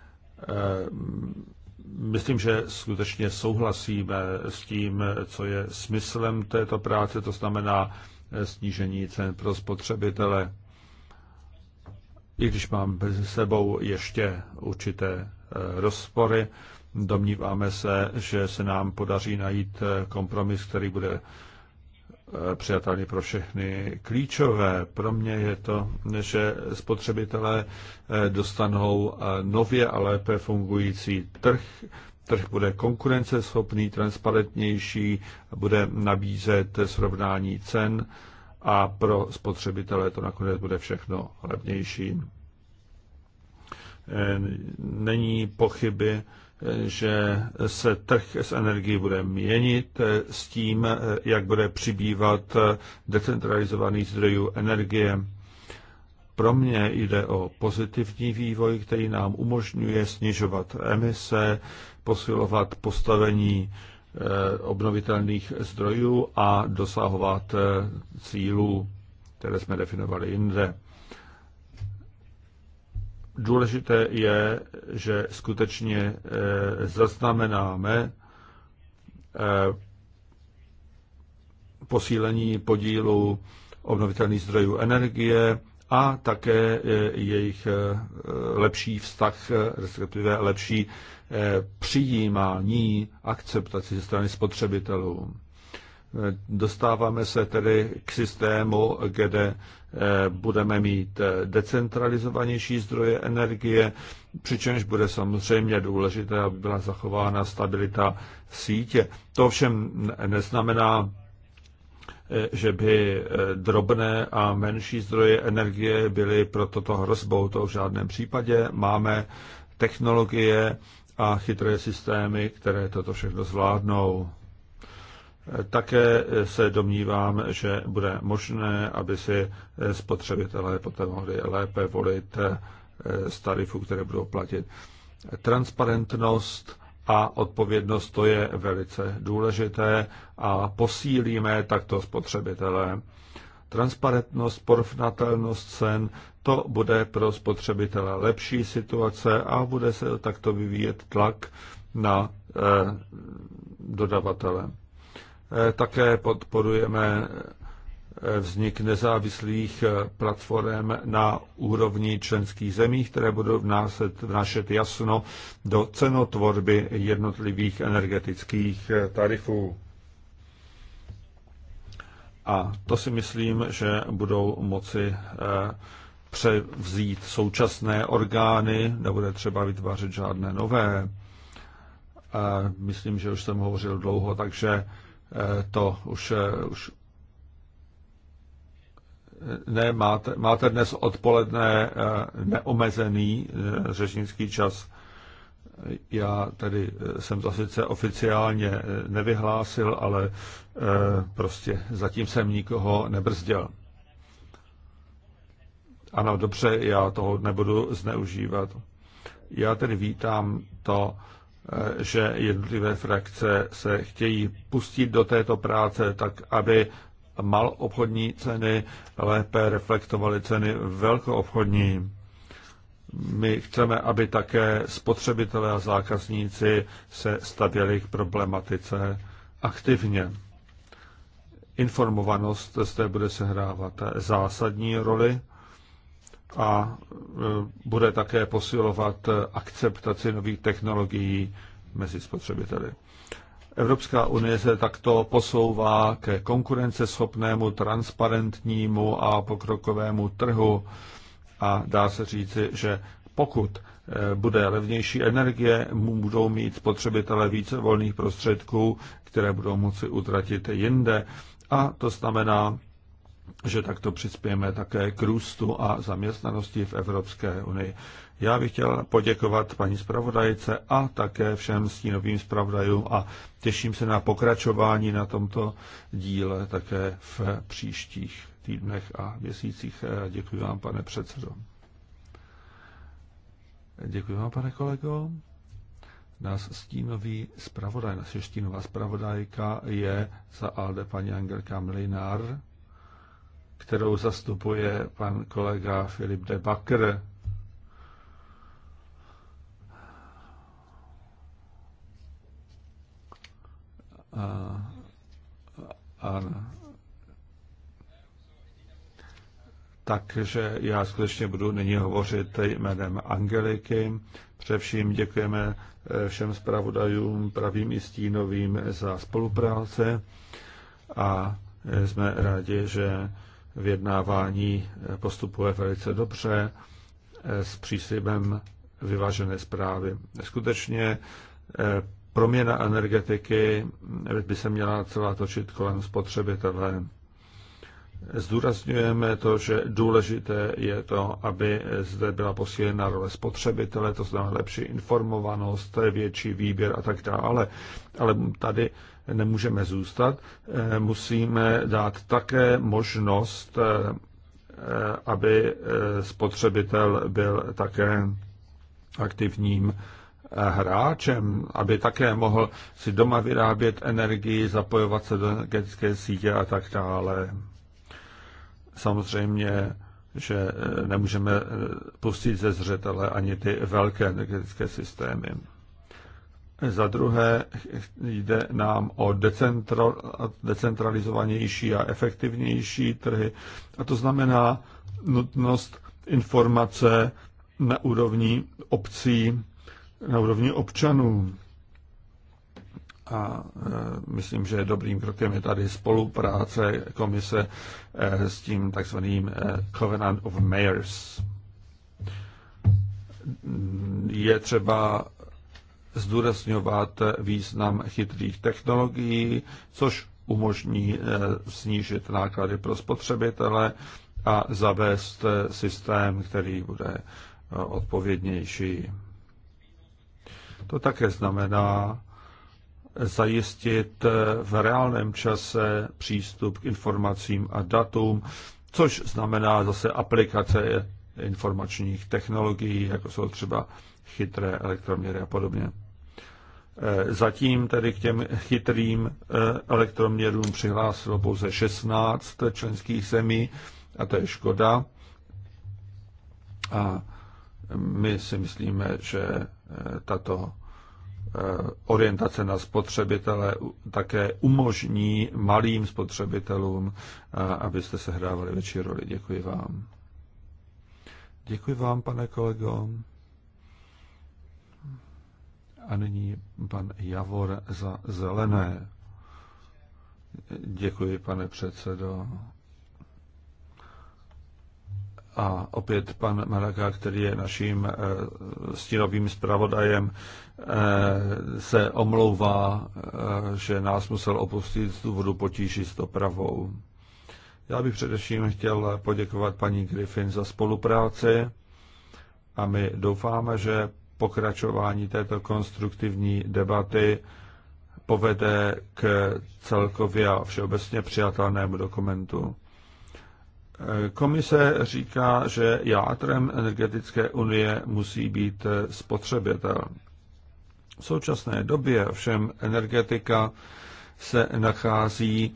myslím, že skutečně souhlasíme s tím, co je smyslem této práce, to znamená eh, snížení cen pro spotřebitele, i když mám mezi sebou ještě určité eh, rozpory, domníváme se, že se nám podaří najít kompromis, který bude přijatelný pro všechny. Klíčové pro mě je to, že spotřebitelé eh, dostanou eh, nově a lépe fungující trh. Trh bude konkurenceschopný, transparentnější, bude nabízet srovnání cen a pro spotřebitele to nakonec bude všechno levnější. Eh, není pochyby, že se trh s energií bude měnit s tím, jak bude přibývat decentralizovaný zdrojů energie. Pro mě jde o pozitivní vývoj, který nám umožňuje snižovat emise, posilovat postavení eh, obnovitelných zdrojů a dosahovat eh, cílů, které jsme definovali jinde důležité je, že skutečně eh, zaznamenáme eh, posílení podílu obnovitelných zdrojů energie a také eh, jejich lepší vztah, respektive lepší přijímání akceptaci ze strany spotřebitelů. Dostáváme se tedy k systému, kde eh, budeme mít eh, decentralizovanější zdroje energie, přičemž bude samozřejmě důležité, aby byla zachována stabilita sítě. To ovšem neznamená, eh, že by drobné a menší zdroje energie byly pro toto hrozbou. To v žádném případě. Máme technologie a chytré systémy, které toto všechno zvládnou. Také se domnívám, že bude možné, aby si spotřebitelé poté mohli lépe volit eh, z tarifů, které budou platit. Transparentnost a odpovědnost to je velice důležité a posílíme takto spotřebitele. Transparentnost, porovnatelnost cen, to bude pro spotřebitele lepší situace a bude se takto vyvíjet tlak na eh, dodavatele. Eh, také podporujeme eh, vznik nezávislých eh, platform na úrovni členských zemí, které budou vnášet, vnášet jasno do cenotvorby jednotlivých energetických tarifů. A to si myslím, že budou moci převzít současné orgány, nebude třeba vytvářet žádné nové. Myslím, že už jsem hovořil dlouho, takže to už, eh, už ne, máte, máte dnes odpoledne eh, neomezený eh, řečnický čas. Já tedy jsem to sice oficiálně nevyhlásil, ale prostě zatím jsem nikoho nebrzdil. Ano, dobře, já toho nebudu zneužívat. Já tedy vítám to, Eh, že jednotlivé frakce se chtějí pustit do této práce tak, aby mal obchodní ceny lépe reflektovaly ceny velkoobchodní. My chceme, aby také spotřebitelé a zákazníci se stavěli k problematice aktivně. Informovanost zde bude sehrávat zásadní roli a e, bude také posilovat akceptaci nových technologií mezi spotřebiteli. Evropská unie se takto posouvá ke konkurenceschopnému, transparentnímu a pokrokovému trhu a dá se říci, že pokud e, bude levnější energie, budou mít spotřebitele více volných prostředků, které budou moci utratit jinde. A to znamená že takto přispějeme také k růstu a zaměstnanosti v Evropské unii. Já bych chtěl poděkovat paní zpravodajce a také všem stínovým zpravodajům a těším se na pokračování na tomto díle také v příštích týdnech a měsících. Děkuji vám, pane předsedo. Děkuji vám, pane kolego. Nás stínový zpravodaj, naše stínová zpravodajka je za ALDE paní Angelka Mlinár kterou zastupuje pan kolega Filip de Bakr. A, a, takže já skutečně budu nyní hovořit jménem Angeliky. Především děkujeme eh, všem zpravodajům, pravým i stínovým za spolupráce a eh, jsme rádi, že Vědnávání eh, postupuje velice dobře eh, s příslibem vyvážené zprávy. Skutečně eh, proměna energetiky by se měla celá točit kolem spotřebitele. Zdůrazňujeme to, že důležité je to, aby zde byla posílena role spotřebitele, to znamená lepší informovanost, větší výběr a tak dále. Ale tady nemůžeme zůstat. Eh, musíme dát také možnost, eh, eh, aby spotřebitel byl také aktivním hráčem, aby také mohl si doma vyrábět energii, zapojovat se do energetické sítě a tak dále samozřejmě, že eh, nemůžeme eh, pustit ze zřetele ani ty velké energetické systémy. Za druhé jde nám o decentralizovanější a efektivnější trhy, a to znamená nutnost informace na úrovni obcí, na úrovni občanů a e, myslím, že dobrým krokem je tady spolupráce komise e, s tím takzvaným e, Covenant of Mayors. Je třeba zdůrazňovat význam chytrých technologií, což umožní snížit náklady pro spotřebitele a zavést systém, který bude odpovědnější. To také znamená, zajistit eh, v reálném čase přístup k informacím a datům, což znamená zase aplikace informačních technologií, jako jsou třeba chytré elektroměry a podobně. Eh, zatím tedy k těm chytrým eh, elektroměrům přihlásilo pouze 16 členských zemí a to je škoda. A my si myslíme, že tato Eh, orientace na spotřebitele také umožní malým spotřebitelům, eh, abyste hrávali větší roli. Děkuji vám. Děkuji vám, pane kolego. A nyní pan Javor za zelené. Děkuji, pane předsedo a opět pan Maraka, který je naším eh, stínovým zpravodajem, eh, se omlouvá, eh, že nás musel opustit z důvodu potíží s dopravou. Já bych především chtěl poděkovat paní Griffin za spolupráci a my doufáme, že pokračování této konstruktivní debaty povede k celkově a všeobecně přijatelnému dokumentu. Komise říká, že játrem energetické unie musí být eh, spotřebitel. V současné době všem energetika se nachází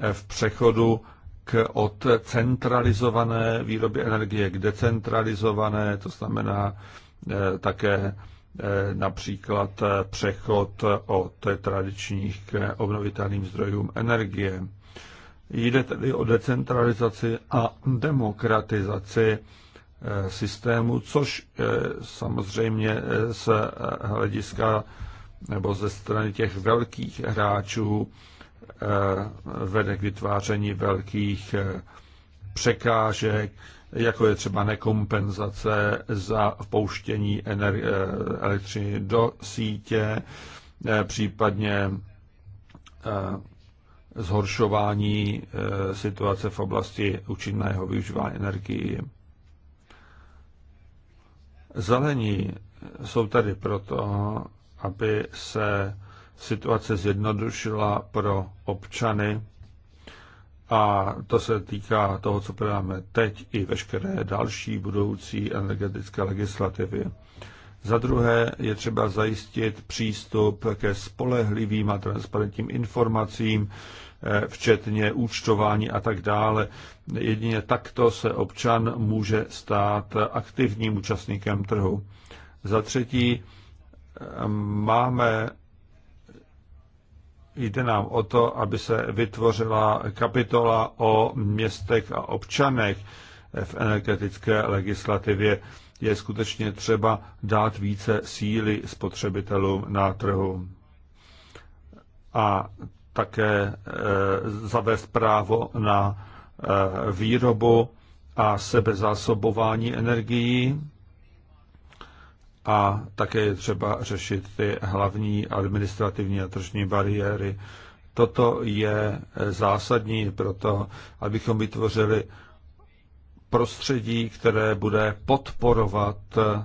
eh, v přechodu k od centralizované výroby energie k decentralizované, to znamená eh, také například přechod od tradičních k obnovitelným zdrojům energie. Jde tedy o decentralizaci a demokratizaci eh, systému, což eh, samozřejmě eh, z hlediska nebo ze strany těch velkých hráčů vede k vytváření velkých překážek, jako je třeba nekompenzace za vpouštění elektřiny do sítě, případně zhoršování eh, situace v oblasti účinného využívání energií. Zelení jsou tady proto, aby se situace zjednodušila pro občany a to se týká toho, co prodáme teď i veškeré další budoucí energetické legislativy. Za druhé je třeba zajistit přístup ke spolehlivým a transparentním informacím, eh, včetně účtování a tak dále. Jedině takto se občan může stát aktivním účastníkem trhu. Za třetí eh, máme jde nám o to, aby se vytvořila kapitola o městech a občanech v energetické legislativě je skutečně třeba dát více síly spotřebitelům na trhu. A také e, zavést právo na e, výrobu a sebezásobování energií. A také je třeba řešit ty hlavní administrativní a tržní bariéry. Toto je e, zásadní pro to, abychom vytvořili prostředí, které bude podporovat eh,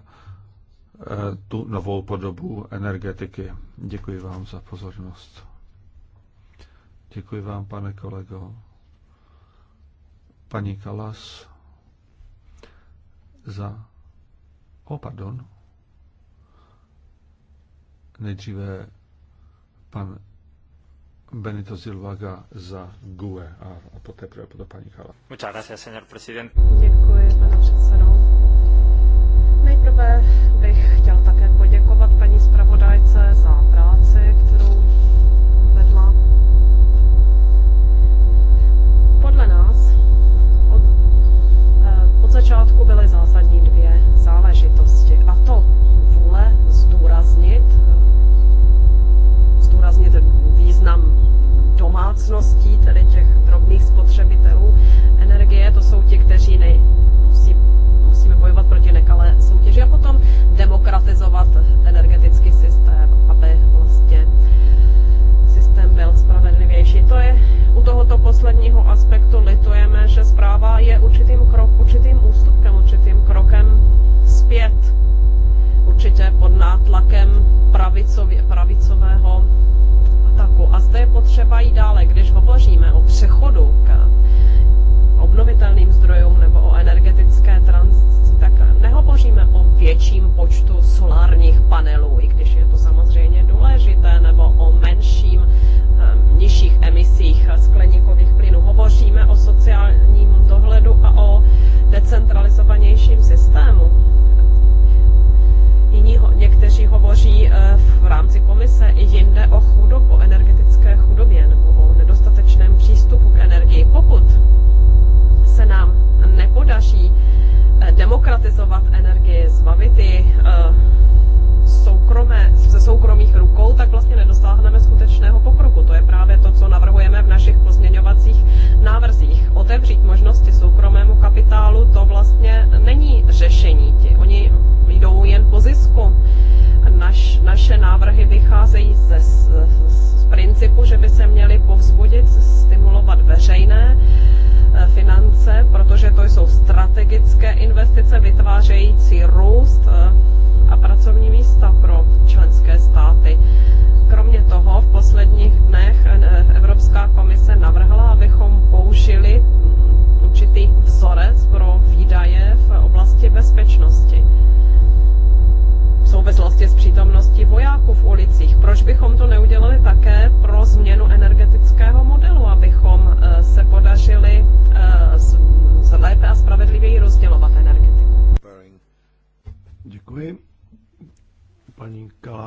tu novou podobu energetiky. Děkuji vám za pozornost. Děkuji vám, pane kolego. Paní Kalas za... O, oh, pardon. Nejdříve pan Benito Zilvaga za GUE a, a poté pro potom paní Kala. Muchas gracias, señor Děkuji, pane předsedo. Nejprve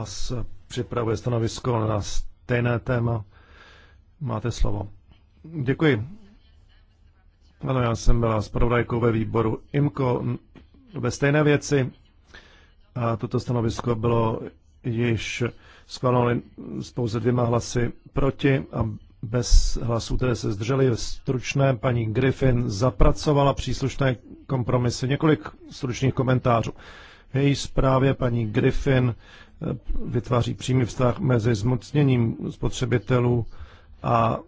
vás připravuje stanovisko na stejné téma. Máte slovo. Děkuji. Ano, já jsem byla zpravodajkou ve výboru IMCO ve stejné věci a toto stanovisko bylo již schváleno s pouze dvěma hlasy proti a bez hlasů, které se zdrželi. Stručné paní Griffin zapracovala příslušné kompromisy. Několik stručných komentářů. V její zprávě paní Griffin vytváří přímý vztah mezi zmocněním spotřebitelů a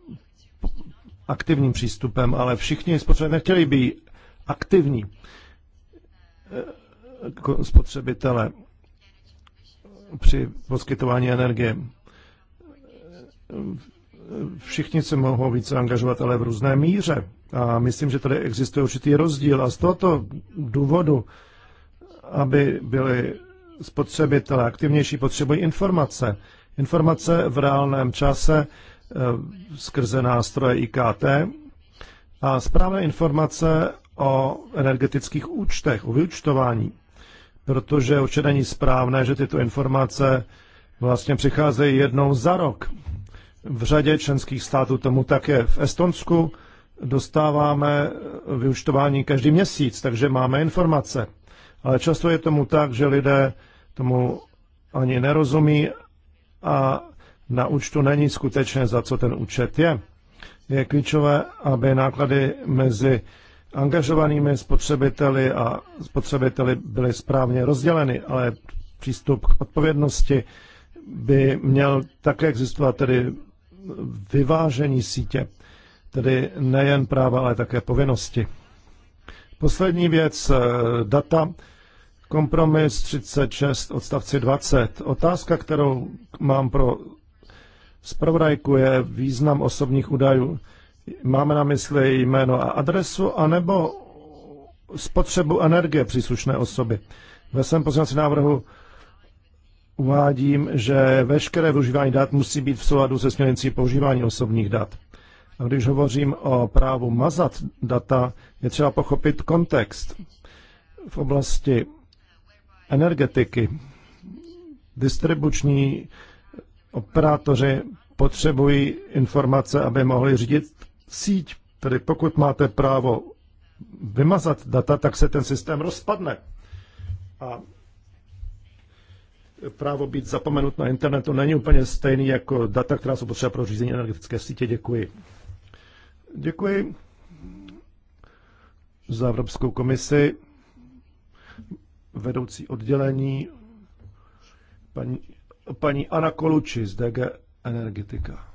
aktivním přístupem, ale všichni spotřebitelé nechtěli být aktivní eh, jako spotřebitele při poskytování energie. Všichni se mohou více angažovat, ale v různé míře. A myslím, že tady existuje určitý rozdíl. A z tohoto důvodu, aby byly spotřebitelé, aktivnější potřebují informace. Informace v reálném čase eh, skrze nástroje IKT a správné informace o energetických účtech, o vyučtování, protože určitě není správné, že tyto informace vlastně přicházejí jednou za rok. V řadě členských států tomu tak je. V Estonsku dostáváme eh, vyučtování každý měsíc, takže máme informace. Ale často je tomu tak, že lidé tomu ani nerozumí a na účtu není skutečně, za co ten účet je. Je klíčové, aby náklady mezi angažovanými spotřebiteli a spotřebiteli byly správně rozděleny, ale přístup k odpovědnosti by měl také existovat, tedy vyvážení sítě, tedy nejen práva, ale také povinnosti. Poslední věc, eh, data. Kompromis 36 odstavci 20. Otázka, kterou mám pro zpravodajku, je význam osobních údajů. Máme na mysli jméno a adresu, anebo spotřebu energie příslušné osoby. Ve svém pozměňovacím návrhu uvádím, že veškeré využívání dat musí být v souladu se směrnicí používání osobních dat. A když hovořím o právu mazat data, je třeba pochopit kontext. V oblasti energetiky. Distribuční operátoři potřebují informace, aby mohli řídit síť. Tedy pokud máte právo vymazat data, tak se ten systém rozpadne. A právo být zapomenut na internetu není úplně stejný jako data, která jsou potřeba pro řízení energetické sítě. Děkuji. Děkuji za Evropskou komisi vedoucí oddělení, paní, paní Ana Koluči z DG Energetika.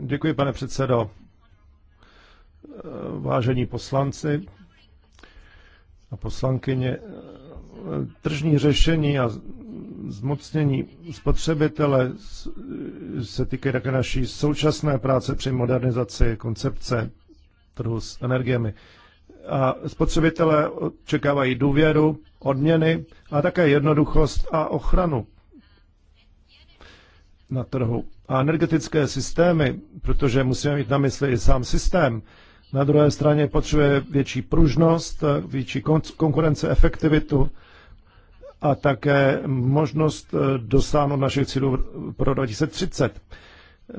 Děkuji, pane předsedo. Vážení poslanci a poslankyně, tržní řešení a zmocnění spotřebitele se týkají také naší současné práce při modernizaci koncepce trhu s energiemi. A spotřebitelé očekávají důvěru, odměny a také jednoduchost a ochranu na trhu. A energetické systémy, protože musíme mít na mysli i sám systém, na druhé straně potřebuje větší pružnost, větší konkurence, efektivitu a také možnost eh, dosáhnout našich cílů pro 2030.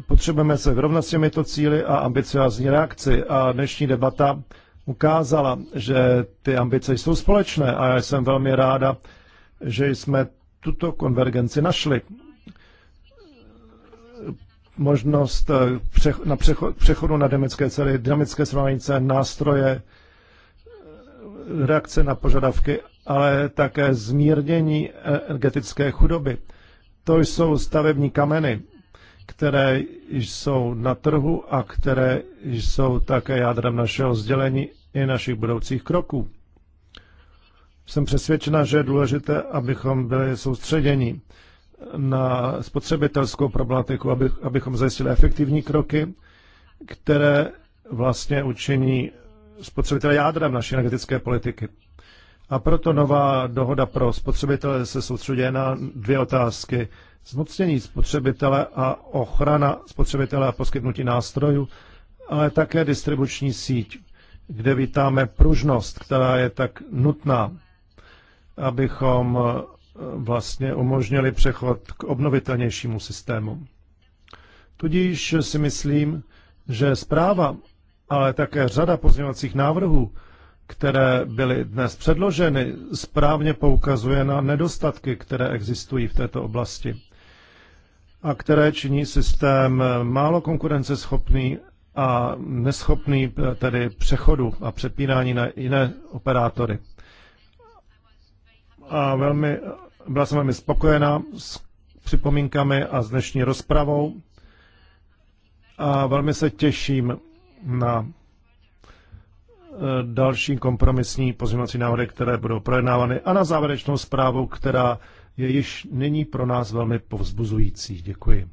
Potřebujeme se vyrovnat s těmito cíly a ambiciozní reakci a dnešní debata ukázala, že ty ambice jsou společné a já jsem velmi ráda, že jsme tuto konvergenci našli. Možnost eh, na přechodu na dynamické cely, dynamické srovnání nástroje, eh, reakce na požadavky ale také zmírnění energetické chudoby. To jsou stavební kameny, které jsou na trhu a které jsou také jádrem našeho sdělení i našich budoucích kroků. Jsem přesvědčena, že je důležité, abychom byli soustředěni na spotřebitelskou problematiku, abychom zajistili efektivní kroky, které vlastně učiní spotřebitele jádrem naší energetické politiky. A proto nová dohoda pro spotřebitele se soustředuje na dvě otázky. Zmocnění spotřebitele a ochrana spotřebitele a poskytnutí nástrojů, ale také distribuční síť, kde vítáme pružnost, která je tak nutná, abychom eh, vlastně umožnili přechod k obnovitelnějšímu systému. Tudíž si myslím, že zpráva, ale také řada pozměňovacích návrhů, které byly dnes předloženy, správně poukazuje na nedostatky, které existují v této oblasti a které činí systém málo konkurenceschopný a neschopný eh, tedy přechodu a přepínání na jiné operátory. A velmi, byla jsem velmi spokojená s připomínkami a s dnešní rozpravou a velmi se těším na Eh, další kompromisní pozměňovací návrhy, které budou projednávány a na závěrečnou zprávu, která je již nyní pro nás velmi povzbuzující. Děkuji.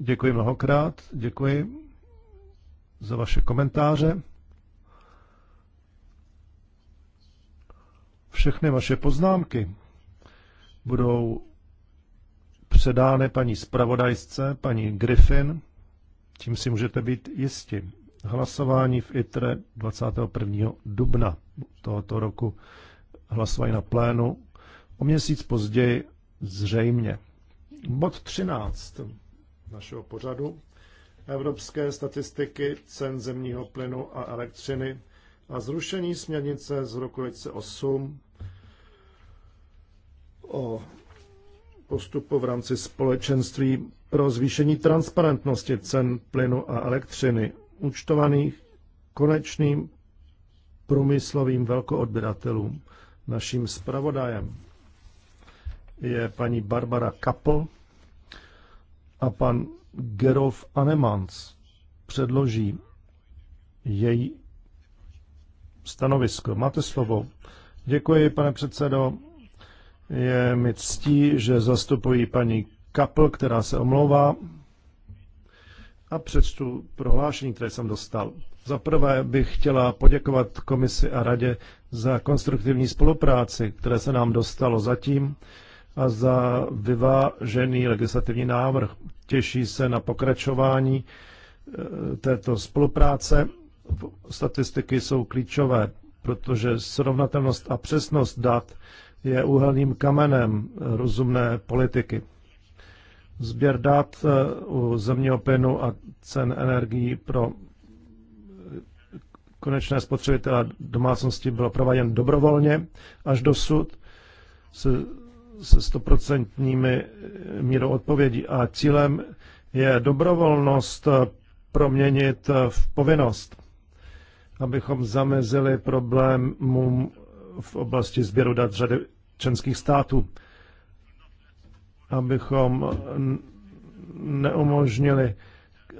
Děkuji mnohokrát, děkuji za vaše komentáře. Všechny vaše poznámky budou předány paní zpravodajce, paní Griffin, tím si můžete být jisti. Hlasování v ITRE 21. dubna tohoto roku. Hlasování na plénu. O měsíc později zřejmě. Bod 13 našeho pořadu. Evropské statistiky cen zemního plynu a elektřiny a zrušení směrnice z roku 2008 o postupu v rámci společenství pro zvýšení transparentnosti cen plynu a elektřiny účtovaných konečným průmyslovým velkoodběratelům. Naším zpravodajem je paní Barbara Kapl a pan Gerolf Anemans předloží její stanovisko. Máte slovo. Děkuji, pane předsedo. Je mi ctí, že zastupují paní Kapl, která se omlouvá. A přečtu prohlášení, které jsem dostal. Za prvé bych chtěla poděkovat komisi a radě za konstruktivní spolupráci, které se nám dostalo zatím a za vyvážený legislativní návrh. Těší se na pokračování e, této spolupráce. Statistiky jsou klíčové, protože srovnatelnost a přesnost dat je úhelným kamenem rozumné politiky. Sběr dat eh, u zemního plynu a cen energií pro eh, konečné spotřebitele domácnosti bylo prováděn dobrovolně až dosud se, se stoprocentními eh, mírou odpovědí. A cílem je dobrovolnost proměnit v povinnost, abychom zamezili problémům v oblasti sběru dat řady členských států abychom neumožnili,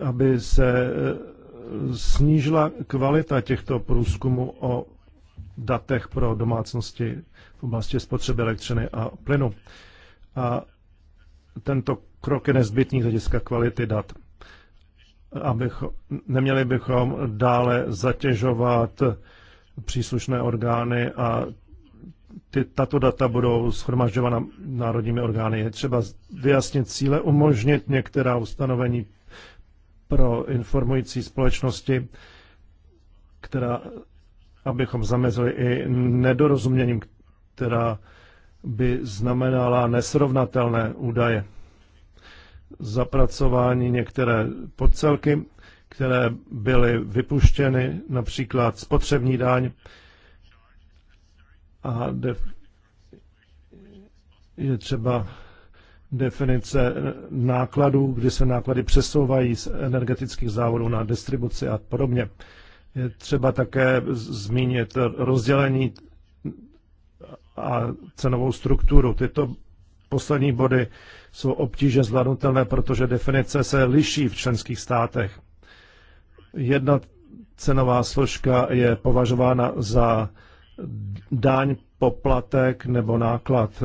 aby se e, snížila kvalita těchto průzkumů o datech pro domácnosti v oblasti spotřeby elektřiny a plynu. A tento krok je nezbytný z hlediska kvality dat. Abychom, neměli bychom dále zatěžovat příslušné orgány a ty, tato data budou schromažďována národními orgány. Je třeba vyjasnit cíle, umožnit některá ustanovení pro informující společnosti, která, abychom zamezili i nedorozuměním, která by znamenala nesrovnatelné údaje. Zapracování některé podcelky, které byly vypuštěny, například spotřební daň, a def- je třeba definice nákladů, kdy se náklady přesouvají z energetických závodů na distribuci a podobně. Je třeba také zmínit rozdělení a cenovou strukturu. Tyto poslední body jsou obtížně zvládnutelné, protože definice se liší v členských státech. Jedna cenová složka je považována za daň, poplatek nebo náklad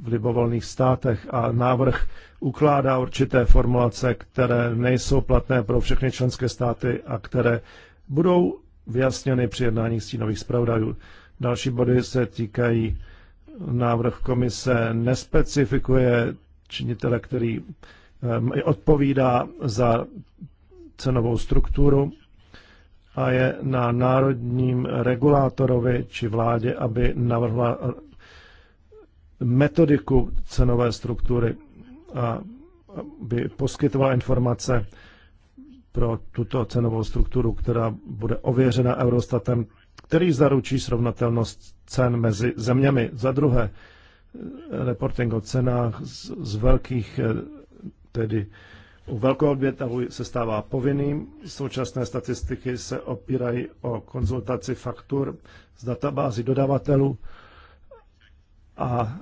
v libovolných státech a návrh ukládá určité formulace, které nejsou platné pro všechny členské státy a které budou vyjasněny při jednání stínových zpravodajů. Další body se týkají návrh komise nespecifikuje činitele, který eh, odpovídá za cenovou strukturu a je na národním regulátorovi či vládě, aby navrhla metodiku cenové struktury a by poskytovala informace pro tuto cenovou strukturu, která bude ověřena Eurostatem, který zaručí srovnatelnost cen mezi zeměmi. Za druhé, reporting o cenách z, z velkých eh, tedy u velkého odběratelů se stává povinným. Současné statistiky se opírají o konzultaci faktur z databází dodavatelů a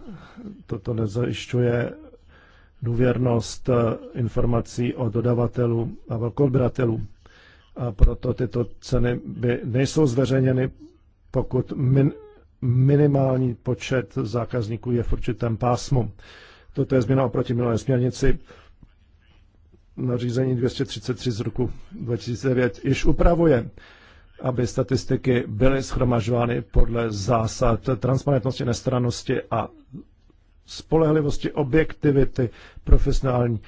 toto nezajišťuje důvěrnost eh, informací o dodavatelů a velkoodběratelů. A proto tyto ceny by nejsou zveřejněny, pokud min, minimální počet zákazníků je v určitém pásmu. Toto je změna oproti minulé směrnici nařízení 233 z roku 2009 již upravuje, aby statistiky byly schromažovány podle zásad transparentnosti, nestranosti a spolehlivosti, objektivity, profesionální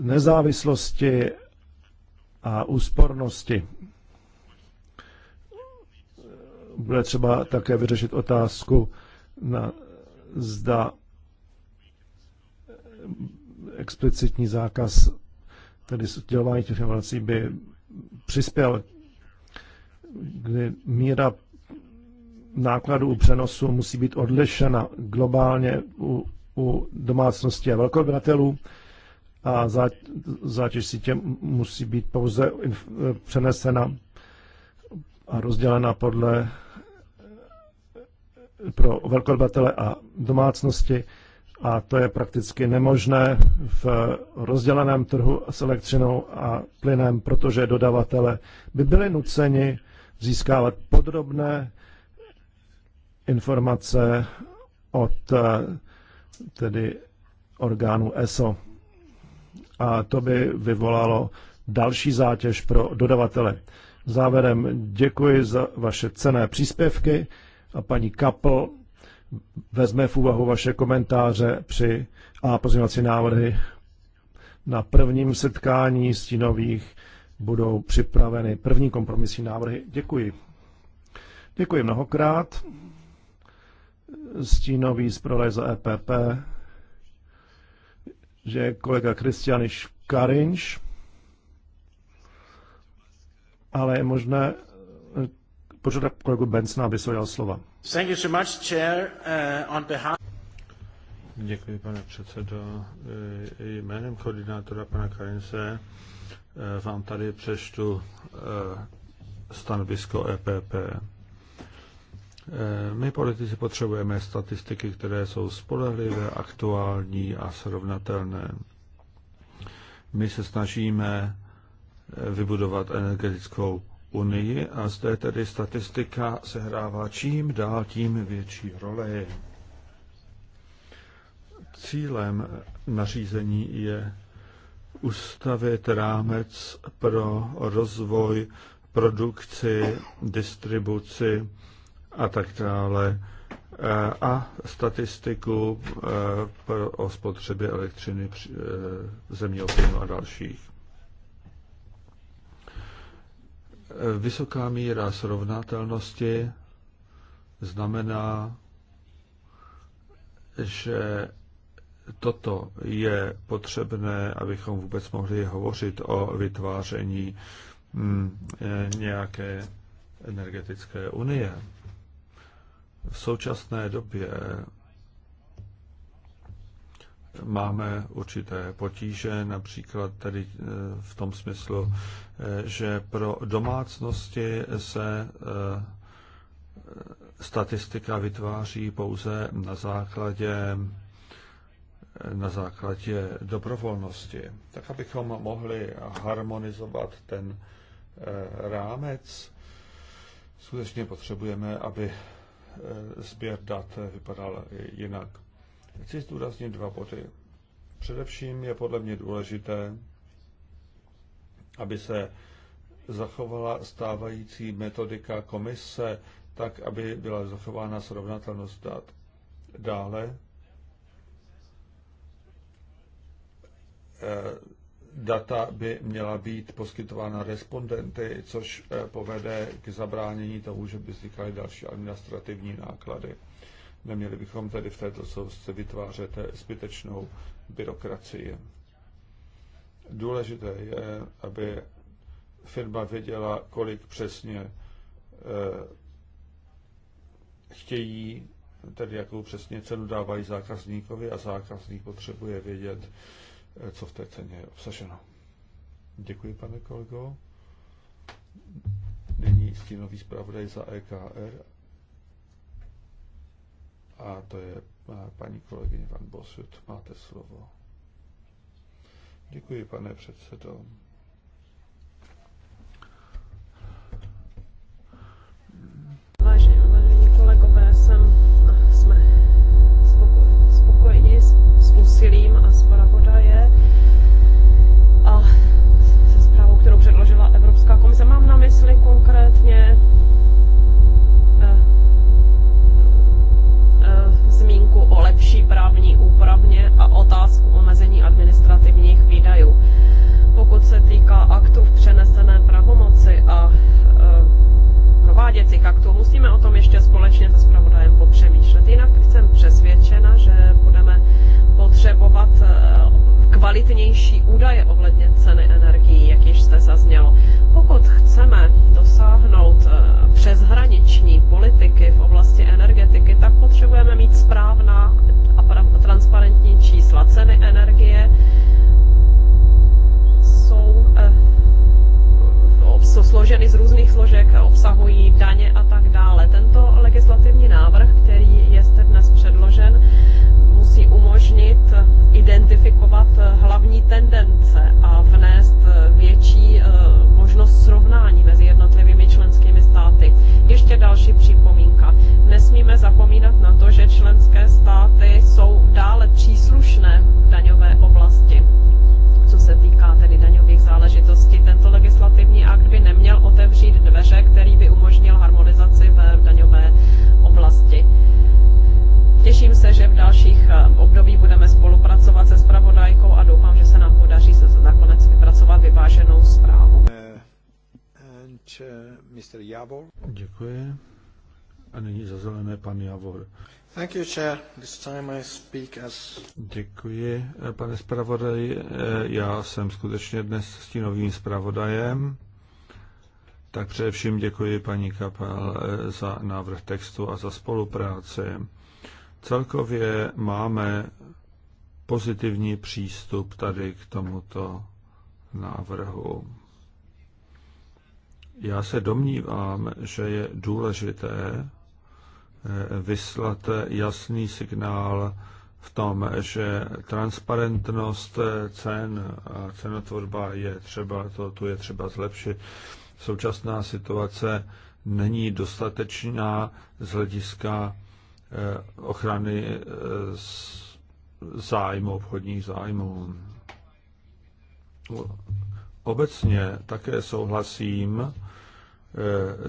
nezávislosti a úspornosti. Bude třeba také vyřešit otázku, na, zda explicitní zákaz tedy sdělování těch informací by přispěl, kdy míra nákladů u přenosu musí být odlišena globálně u, u domácnosti a velkoodběratelů a zátěž sítě musí být pouze přenesena a rozdělena podle pro velkoodběratele a domácnosti a to je prakticky nemožné v rozděleném trhu s elektřinou a plynem, protože dodavatele by byli nuceni získávat podrobné informace od eh, tedy orgánu ESO. A to by vyvolalo další zátěž pro dodavatele. Závěrem děkuji za vaše cené příspěvky a paní Kapl vezme v úvahu vaše komentáře při a pozměňovací návrhy. Na prvním setkání stínových budou připraveny první kompromisní návrhy. Děkuji. Děkuji mnohokrát. Stínový z za EPP, že je kolega Kristian Karinš, ale je možné požádat kolegu Bencna, aby se slova. Thank you so much, Chair. Uh, on behalf... Děkuji, pane předsedo. E, jménem koordinátora pana Karince e, vám tady přeštu e, stanovisko EPP. My politici potřebujeme statistiky, které jsou spolehlivé, aktuální a srovnatelné. My se snažíme vybudovat energetickou unii a zde tedy statistika sehrává čím dál tím větší roli. Cílem nařízení je ustavit rámec pro rozvoj, produkci, distribuci a tak dále eh, a statistiku eh, o spotřebě elektřiny, eh, zemního plynu a dalších. Vysoká míra srovnatelnosti znamená, že toto je potřebné, abychom vůbec mohli hovořit o vytváření mm, nějaké energetické unie. V současné době máme určité potíže, například tedy eh, v tom smyslu, eh, že pro domácnosti se eh, statistika vytváří pouze na základě na základě dobrovolnosti, tak abychom mohli harmonizovat ten rámec. Skutečně potřebujeme, aby sběr dat vypadal jinak. Chci zdůraznit dva body. Především je podle mě důležité, aby se zachovala stávající metodika komise tak, aby byla zachována srovnatelnost dat. Dále eh, data by měla být poskytována respondenty, což eh, povede k zabránění tomu, že by vznikaly další administrativní náklady. Neměli bychom tedy v této souvislosti vytvářet zbytečnou byrokracii. Důležité je, aby firma věděla, kolik přesně eh, chtějí, tedy jakou přesně cenu dávají zákazníkovi a zákazník potřebuje vědět, eh, co v té ceně je obsaženo. Děkuji, pane kolego. Nyní stínový zpravodaj za EKR a to je paní kolegyně Van Bosut. Máte slovo. Děkuji, pane předsedo. Vážení, kolegové, jsem, jsme spokojeni s, s úsilím a zpravodaje a se zprávou, kterou předložila Evropská komise. Mám na mysli konkrétně právní úpravně a otázku omezení administrativních výdajů. Pokud se týká aktů v přenesené pravomoci a e, prováděcích aktů, musíme o tom ještě společně se spravodajem popřemýšlet. Jinak jsem přesvědčena, že budeme potřebovat e, kvalitnější údaje ohledně ceny energií, jak již jste zaznělo. Pokud chceme dosáhnout e, přeshraniční politiky v oblasti energetiky, tak potřebujeme mít správná složeny z různých složek, obsahují daně a tak dále. Tento legislativní návrh, který je zde dnes předložen, musí umožnit identifikovat hlavní tendence a vnést větší eh, možnost srovnání mezi jednotlivými členskými státy. Ještě další připomínka. Nesmíme zapomínat na to, že členské státy jsou dále příslušné otevřít dveře, který by umožnil harmonizaci v daňové oblasti. Těším se, že v dalších eh, období budeme spolupracovat se spravodajkou a doufám, že se nám podaří se nakonec vypracovat vyváženou zprávu. Eh, eh, Mr. Javor. Děkuji. A nyní za zelené pan Javor. Thank you, chair. This time I speak as... Děkuji, pane zpravodaj. Já jsem skutečně dnes stínovým zpravodajem tak především děkuji paní Kapel eh, za návrh textu a za spolupráci. Celkově máme pozitivní přístup tady k tomuto návrhu. Já se domnívám, že je důležité eh, vyslat jasný signál v tom, že transparentnost cen a cenotvorba je třeba, to tu je třeba zlepšit současná situace není dostatečná z hlediska eh, ochrany eh, zájmu, obchodních zájmů. Obecně také souhlasím eh,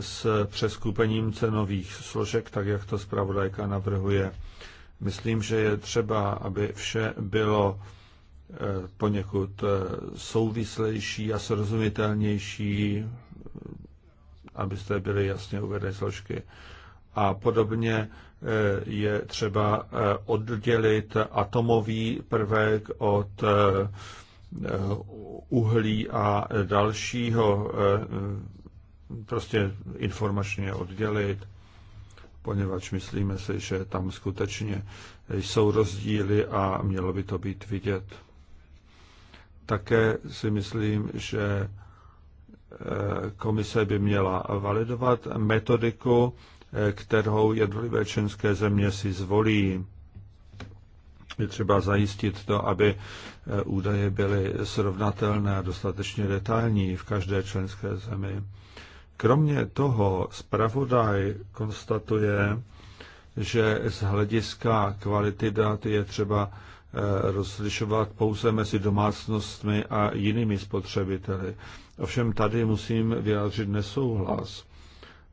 s přeskupením cenových složek, tak jak to zpravodajka navrhuje. Myslím, že je třeba, aby vše bylo poněkud souvislejší a srozumitelnější abyste byli jasně uvedeny složky. A podobně eh, je třeba eh, oddělit atomový prvek od eh, uhlí a dalšího prostě informačně oddělit, poněvadž myslíme si, že tam skutečně jsou rozdíly a mělo by to být vidět. Také si myslím, že komise by měla validovat metodiku, kterou jednotlivé členské země si zvolí. Je třeba zajistit to, aby eh, údaje byly srovnatelné a dostatečně detailní v každé členské zemi. Kromě toho zpravodaj konstatuje, že z hlediska kvality dat je třeba eh, rozlišovat pouze mezi domácnostmi a jinými spotřebiteli. Ovšem tady musím vyjádřit nesouhlas.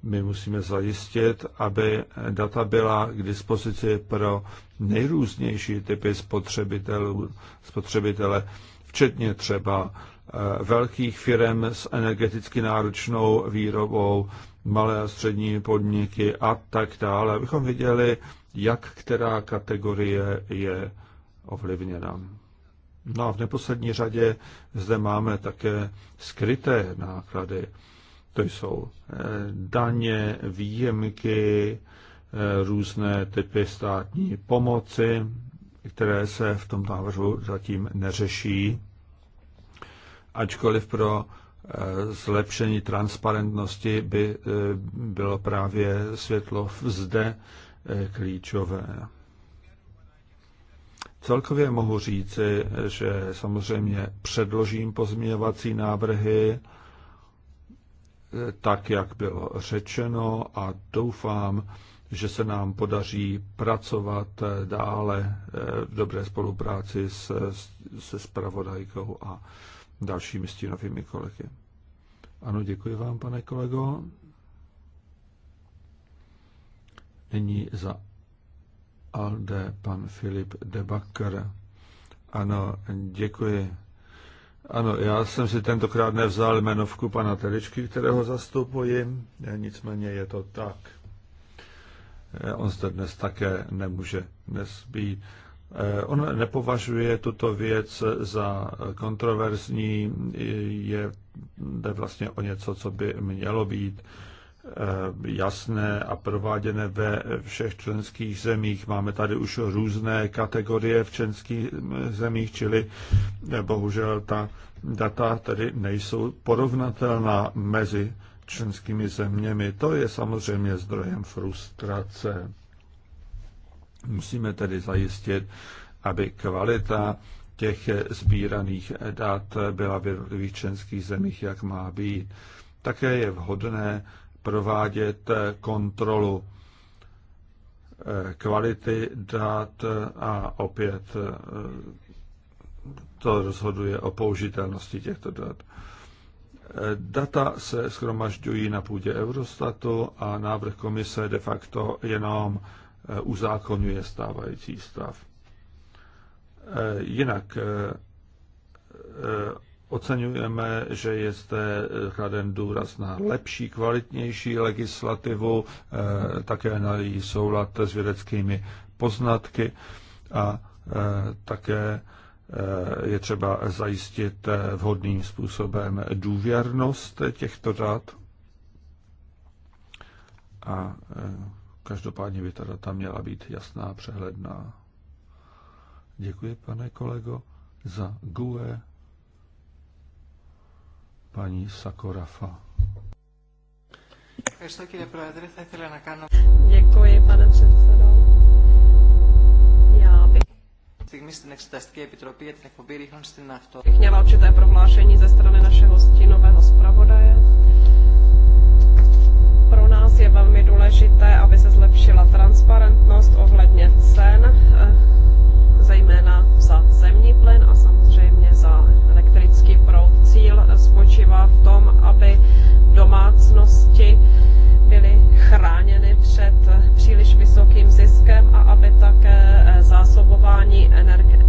My musíme zajistit, aby data byla k dispozici pro nejrůznější typy spotřebitelů, spotřebitele, včetně třeba eh, velkých firm s energeticky náročnou výrobou, malé a střední podniky a tak dále, abychom viděli, jak která kategorie je ovlivněna. No a v neposlední řadě zde máme také skryté náklady. To jsou eh, daně, výjemky, eh, různé typy státní pomoci, které se v tom návrhu zatím neřeší. Ačkoliv pro eh, zlepšení transparentnosti by bylo právě světlo zde klíčové. Celkově mohu říci, že samozřejmě předložím pozměňovací návrhy, eh, tak, jak bylo řečeno a doufám, že se nám podaří pracovat eh, dále eh, v dobré spolupráci se, se spravodajkou a dalšími stínovými kolegy. Ano, děkuji vám, pane kolego. Nyní za Alde, pan Filip Bakker. Ano, děkuji. Ano, já jsem si tentokrát nevzal jmenovku pana Teličky, kterého zastupuji, nicméně je to tak. Eh, on zde dnes také nemůže dnes být. Eh, on nepovažuje tuto věc za kontroverzní, je, jde vlastně o něco, co by mělo být Eh, jasné a prováděné ve všech členských zemích. Máme tady už různé kategorie v členských eh, zemích, čili eh, bohužel ta data tedy nejsou porovnatelná mezi členskými zeměmi. To je samozřejmě zdrojem frustrace. Musíme tedy zajistit, aby kvalita těch sbíraných dat byla v jednotlivých členských zemích, jak má být. Také je vhodné provádět eh, kontrolu eh, kvality dat eh, a opět to rozhoduje o použitelnosti těchto dat. Data se schromažďují na půdě Eurostatu a návrh komise de facto jenom uzákonňuje stávající stav. Jinak Oceňujeme, že je zde kladen důraz na lepší, kvalitnější legislativu, eh, také na její soulad s vědeckými poznatky a eh, také eh, je třeba zajistit vhodným způsobem důvěrnost těchto dat. A každopádně by ta data měla být jasná, přehledná. Děkuji, pane kolego, za GUE paní Sakorafa. Děkuji, pane předsedo. Já bych Bych Měla určité prohlášení ze strany našeho stínového zpravodaje. Pro nás je velmi důležité, aby se zlepšila transparentnost ohledně cen, eh, zejména spočívá v tom, aby domácnosti byly chráněny před příliš vysokým ziskem a aby také eh, zásobování energie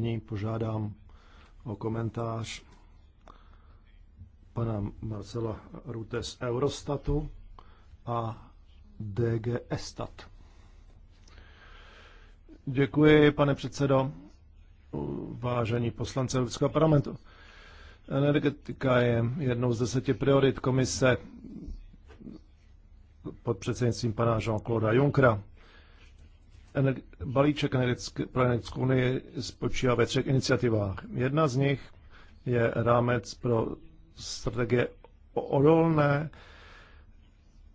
nyní požádám o komentář pana Marcela Rute z Eurostatu a DG Estat. Děkuji, pane předsedo. Vážení poslanci Evropského parlamentu. Energetika je jednou z deseti priorit komise pod předsednictvím pana Jean-Claude Junckera balíček energetické, pro energetickou unii spočívá ve třech iniciativách. Jedna z nich je rámec pro strategie odolné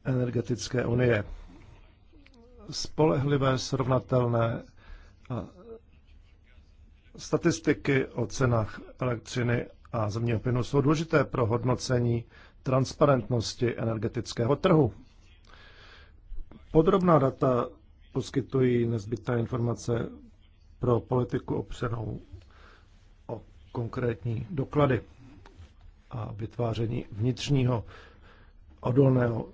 energetické unie. Spolehlivé, srovnatelné statistiky o cenách elektřiny a zemního plynu jsou důležité pro hodnocení transparentnosti energetického trhu. Podrobná data poskytují nezbytné informace pro politiku opřenou o konkrétní doklady a vytváření vnitřního odolného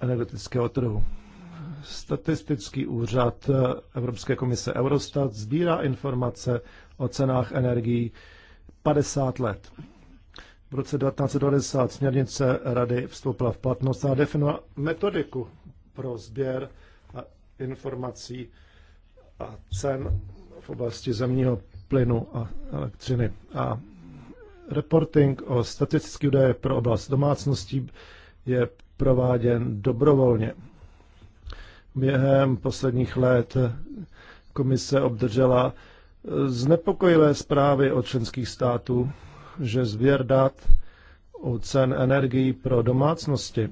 energetického trhu. Statistický úřad Evropské komise Eurostat sbírá informace o cenách energií 50 let. V roce 1990 směrnice Rady vstoupila v platnost a definovala metodiku pro sběr informací a cen v oblasti zemního plynu a elektřiny. A reporting o statistických údaje pro oblast domácností je prováděn dobrovolně. Během posledních let komise obdržela znepokojivé zprávy od členských států, že sběr dat o cen energií pro domácnosti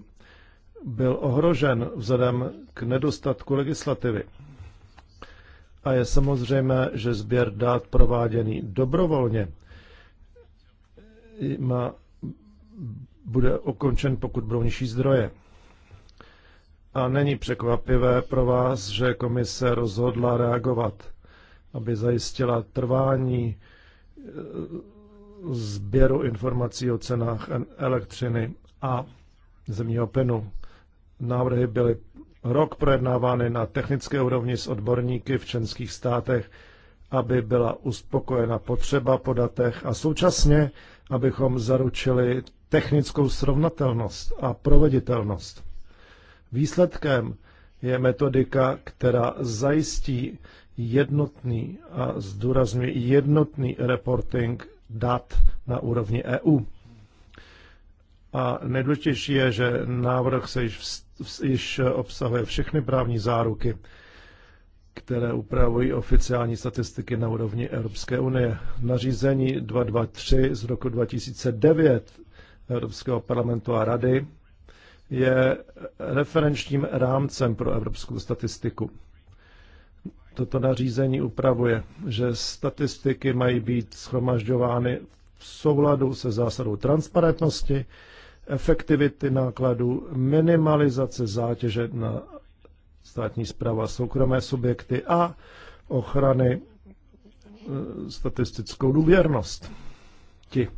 byl ohrožen vzhledem k nedostatku legislativy. A je samozřejmé, že sběr dát prováděný dobrovolně má, bude ukončen, pokud budou nižší zdroje. A není překvapivé pro vás, že komise rozhodla reagovat, aby zajistila trvání eh, sběru informací o cenách elektřiny a zemního plynu. Návrhy byly rok projednávány na technické úrovni s odborníky v členských státech, aby byla uspokojena potřeba po datech a současně, abychom zaručili technickou srovnatelnost a proveditelnost. Výsledkem je metodika, která zajistí jednotný a zdůrazňuje jednotný reporting dat na úrovni EU. A nejdůležitější je, že návrh se již, již obsahuje všechny právní záruky, které upravují oficiální statistiky na úrovni Evropské unie. Nařízení 223 z roku 2009 Evropského parlamentu a rady je referenčním rámcem pro evropskou statistiku. Toto nařízení upravuje, že statistiky mají být schromažďovány v souladu se zásadou transparentnosti, efektivity nákladů, minimalizace zátěže na státní zpráva a soukromé subjekty a ochrany eh, statistickou důvěrnost. Ti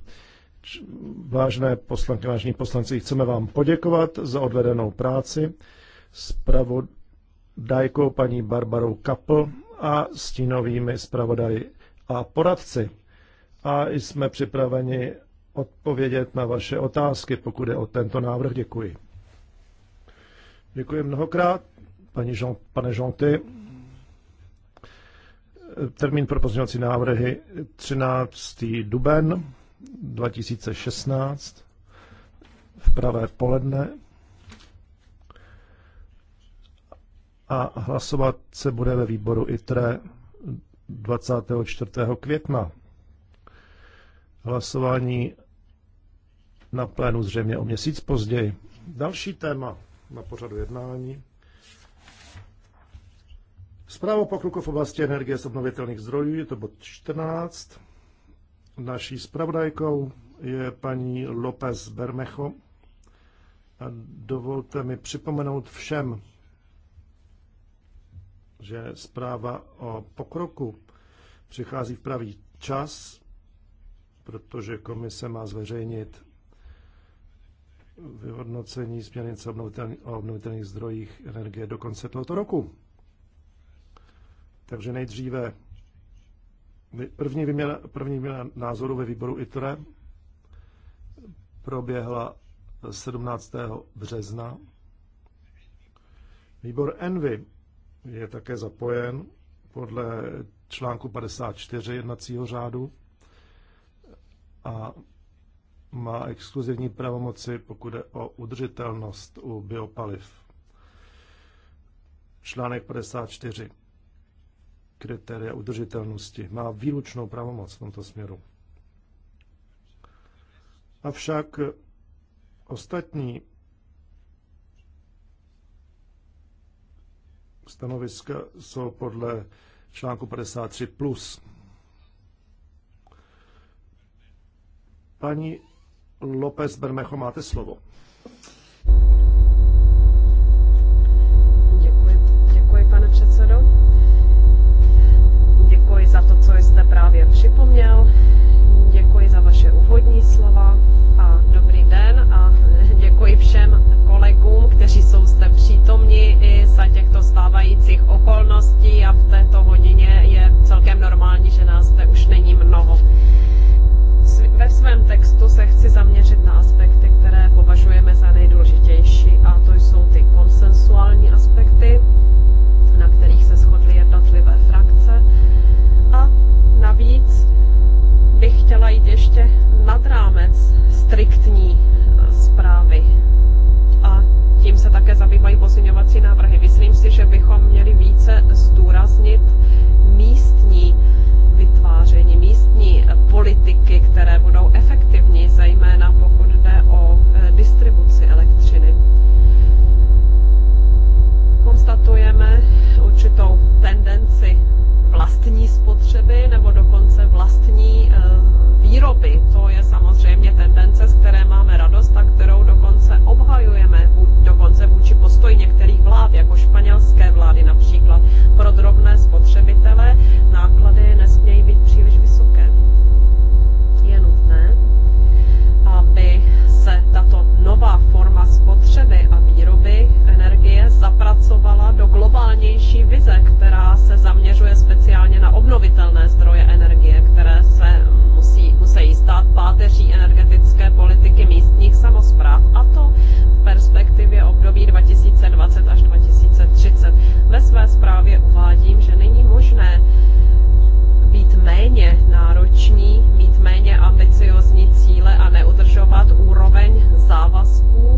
vážné poslanky, vážní poslanci, chceme vám poděkovat za odvedenou práci s pravodajkou paní Barbarou Kapl a stínovými zpravodaji a poradci. A jsme připraveni odpovědět na vaše otázky, pokud je o tento návrh. Děkuji. Děkuji mnohokrát, paní Jean, pane Žonty. Termín pro pozměňovací návrhy 13. duben 2016 v pravé poledne a hlasovat se bude ve výboru ITRE 24. května. Hlasování na plénu zřejmě o měsíc později. Další téma na pořadu jednání. Zpráva pokroku v oblasti energie z obnovitelných zdrojů, je to bod 14. Naší zpravodajkou je paní López Bermecho. A dovolte mi připomenout všem, že zpráva o pokroku přichází v pravý čas, protože komise má zveřejnit vyhodnocení směrnice o obnovitelných zdrojích energie do konce tohoto roku. Takže nejdříve první výměna, první výměna názoru ve výboru ITRE proběhla 17. března. Výbor ENVY je také zapojen podle článku 54 jednacího řádu a má exkluzivní pravomoci, pokud je o udržitelnost u biopaliv. Článek 54. Kritéria udržitelnosti má výlučnou pravomoc v tomto směru. Avšak ostatní stanoviska jsou podle článku 53 plus. Paní López Bermecho, máte slovo. se chci zaměřit na aspekty, které považujeme za nejdůležitější, a to jsou ty konsensuální aspekty, na kterých se shodly jednotlivé frakce. A navíc bych chtěla jít ještě nad rámec striktní e, zprávy. A tím se také zabývají pozměňovací návrhy. Myslím si, že bychom měli více zdůraznit místní vytváření místní e, politiky, které budou efektivní vlastní spotřeby nebo dokonce vlastní eh, výroby. To je samozřejmě obnovitelné zdroje energie, které se musí, musí stát páteří energetické politiky místních samozpráv, a to v perspektivě období 2020 až 2030. Ve své zprávě uvádím, že není možné být méně nároční, mít méně ambiciozní cíle a neudržovat úroveň závazků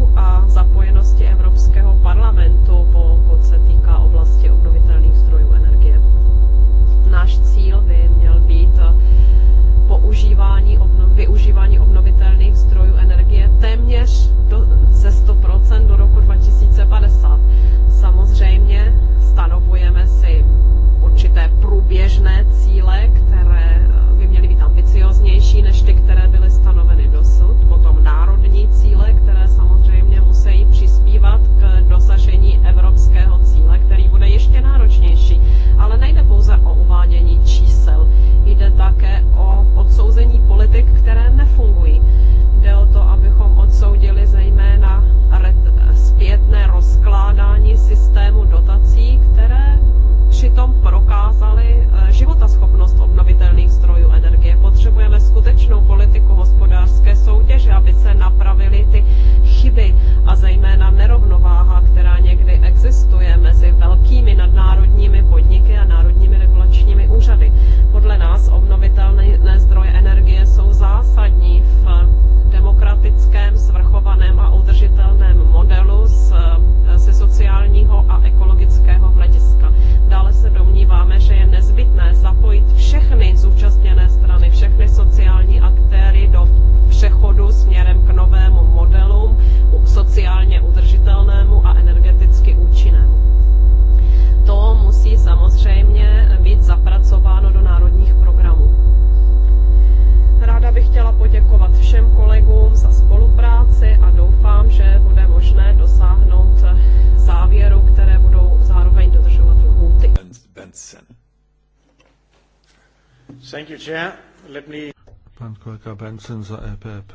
Helga Benson za EPP.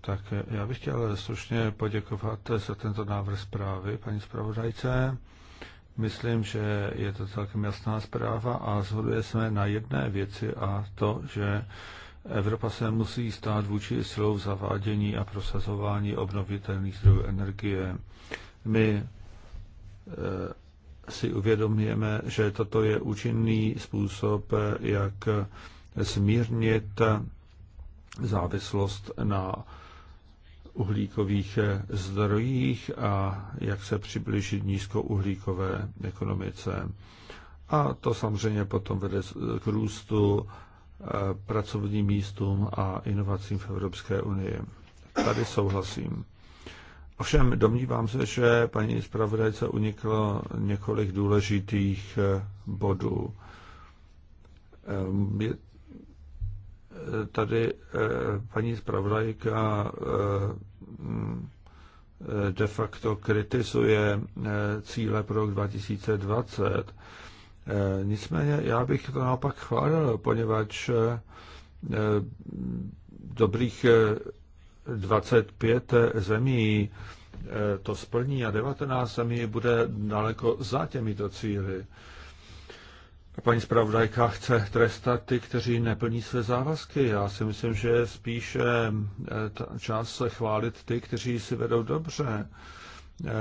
Tak já bych chtěl slušně poděkovat za tento návrh zprávy paní zpravodajce. Myslím, že je to celkem jasná zpráva a shoduje se na jedné věci a to, že Evropa se musí stát vůči silou v zavádění a prosazování obnovitelných zdrojů energie. My eh, si uvědomujeme, že toto je účinný způsob, jak zmírnit závislost na uhlíkových zdrojích a jak se přiblížit nízkouhlíkové ekonomice. A to samozřejmě potom vede k růstu eh, pracovním místům a inovacím v Evropské unii. Tady souhlasím. Ovšem domnívám se, že paní zpravodajce uniklo několik důležitých eh, bodů. Ehm, tady eh, paní zpravodajka eh, de facto kritizuje eh, cíle pro rok 2020. Nicméně já bych to naopak chválil, poněvadž dobrých 25 zemí to splní a 19 zemí bude daleko za těmito cíly paní zpravodajka chce trestat ty, kteří neplní své závazky. Já si myslím, že je spíše eh, čas se chválit ty, kteří si vedou dobře. Eh,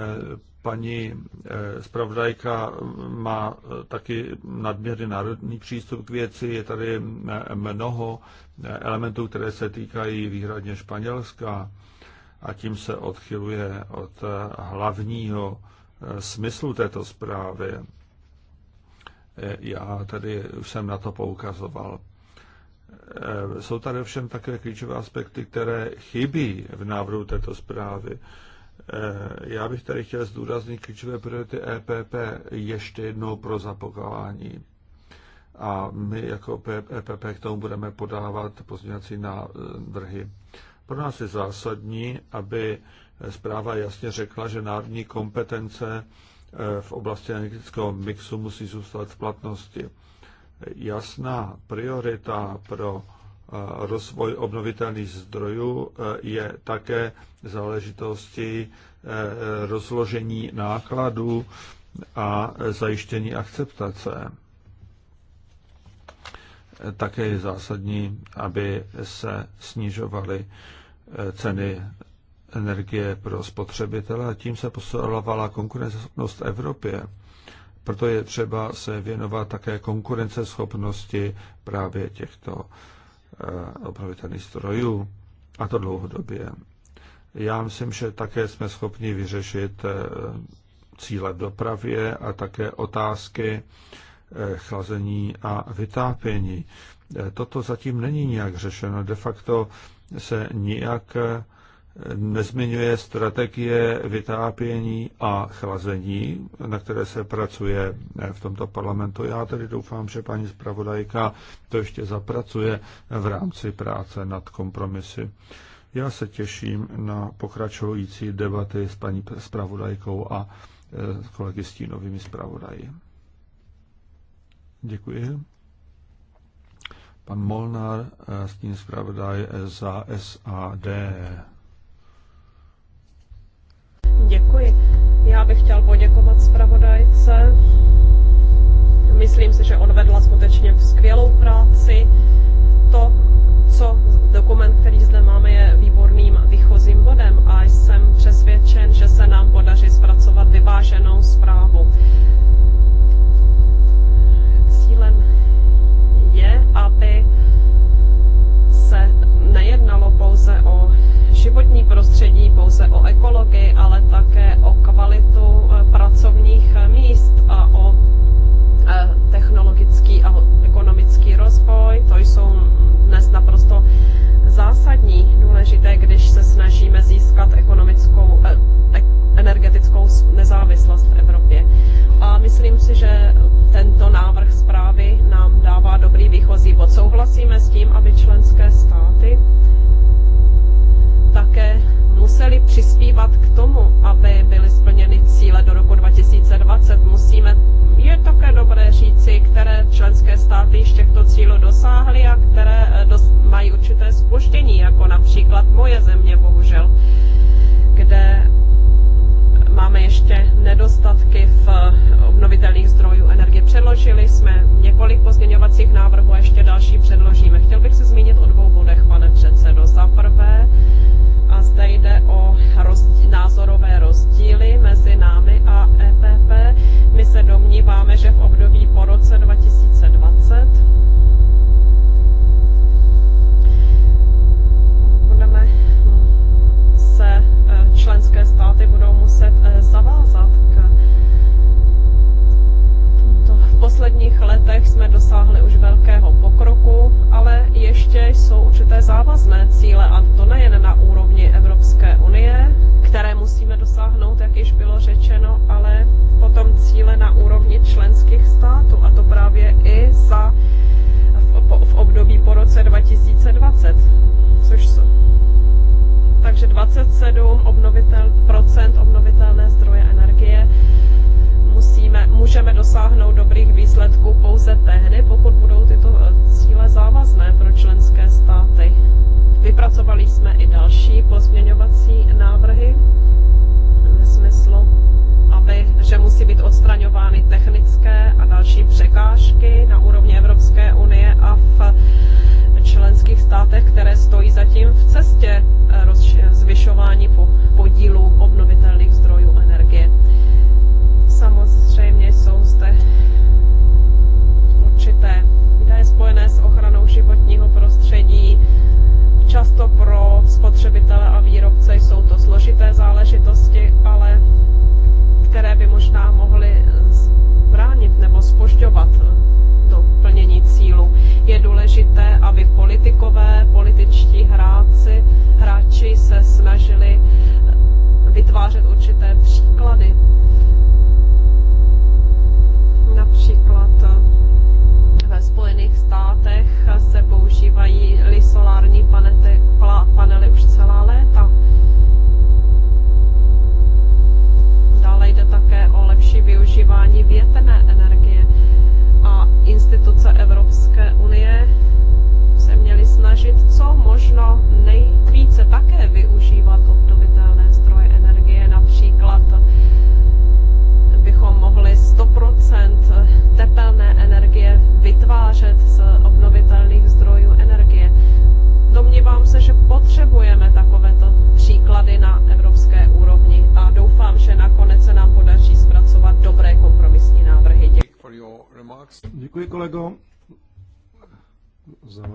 paní eh, zpravodajka má taky nadměrný národní přístup k věci. Je tady mnoho elementů, které se týkají výhradně Španělska a tím se odchyluje od hlavního smyslu této zprávy. Já tady už jsem na to poukazoval. Eh, jsou tady ovšem také klíčové aspekty, které chybí v návrhu této zprávy. Eh, já bych tady chtěl zdůraznit klíčové priority EPP ještě jednou pro zapokování. A my jako EPP k tomu budeme podávat pozměňovací návrhy. Pro nás je zásadní, aby zpráva jasně řekla, že národní kompetence Eh, v oblasti energetického mixu musí zůstat v platnosti. Jasná priorita pro eh, rozvoj obnovitelných zdrojů eh, je také záležitostí rozložení nákladů a zajištění akceptace. Také je zásadní, aby se snižovaly ceny energie pro spotřebitele a tím se posilovala konkurenceschopnost Evropě. Proto je třeba se věnovat také konkurenceschopnosti právě těchto eh, opravitelných strojů a to dlouhodobě. Já myslím, že také jsme schopni vyřešit eh, cíle v dopravě a také otázky eh, chlazení a vytápění. Toto zatím není nějak řešeno. De facto se nijak nezmiňuje strategie vytápění a chlazení, na které se pracuje v tomto parlamentu. Já tedy doufám, že paní zpravodajka to ještě zapracuje v rámci práce nad kompromisy. Já se těším na pokračující debaty s paní zpravodajkou a eh, kolegy novými zpravodaji. Děkuji. Pan Molnár, eh, stín zpravodaj za SAD. Děkuji. Já bych chtěl poděkovat zpravodajce. Myslím si, že odvedla skutečně skvělou práci. To, co dokument, který zde máme, je výborným výchozím bodem a jsem přesvědčen, že se nám podaří zpracovat vyváženou zprávu. soustředí pouze o ekologii, ale také o kvalitu eh, pracovních eh, míst a o eh, technologický a ekonomický rozvoj. To jsou dnes naprosto zásadní, důležité, když se snažíme získat ekonomickou, energetickou nezávislost v Evropě. A myslím si, že tento návrh zprávy nám dává dobrý výchozí bod. Souhlasíme s tím, aby členské státy také museli přispívat k tomu, aby byly splněny cíle do roku 2020. Musíme, je také dobré říci, které členské státy již těchto cílů dosáhly a které eh, dos, mají určité spuštění, jako například moje země, bohužel, kde máme ještě nedostatky v eh, obnovitelných zdrojů energie. Předložili jsme několik pozměňovacích návrhů a ještě další předložíme. Chtěl bych se zmínit o dvou bodech, pane předsedo. Za prvé, zde jde o rozdíl, názorové rozdíly mezi námi a EPP. My se domníváme, že v období po roce 2020 budeme se eh, členské státy budou muset eh, zavázat k v posledních letech jsme dosáhli už velkého pokroku, ale ještě jsou určité závazné cíle.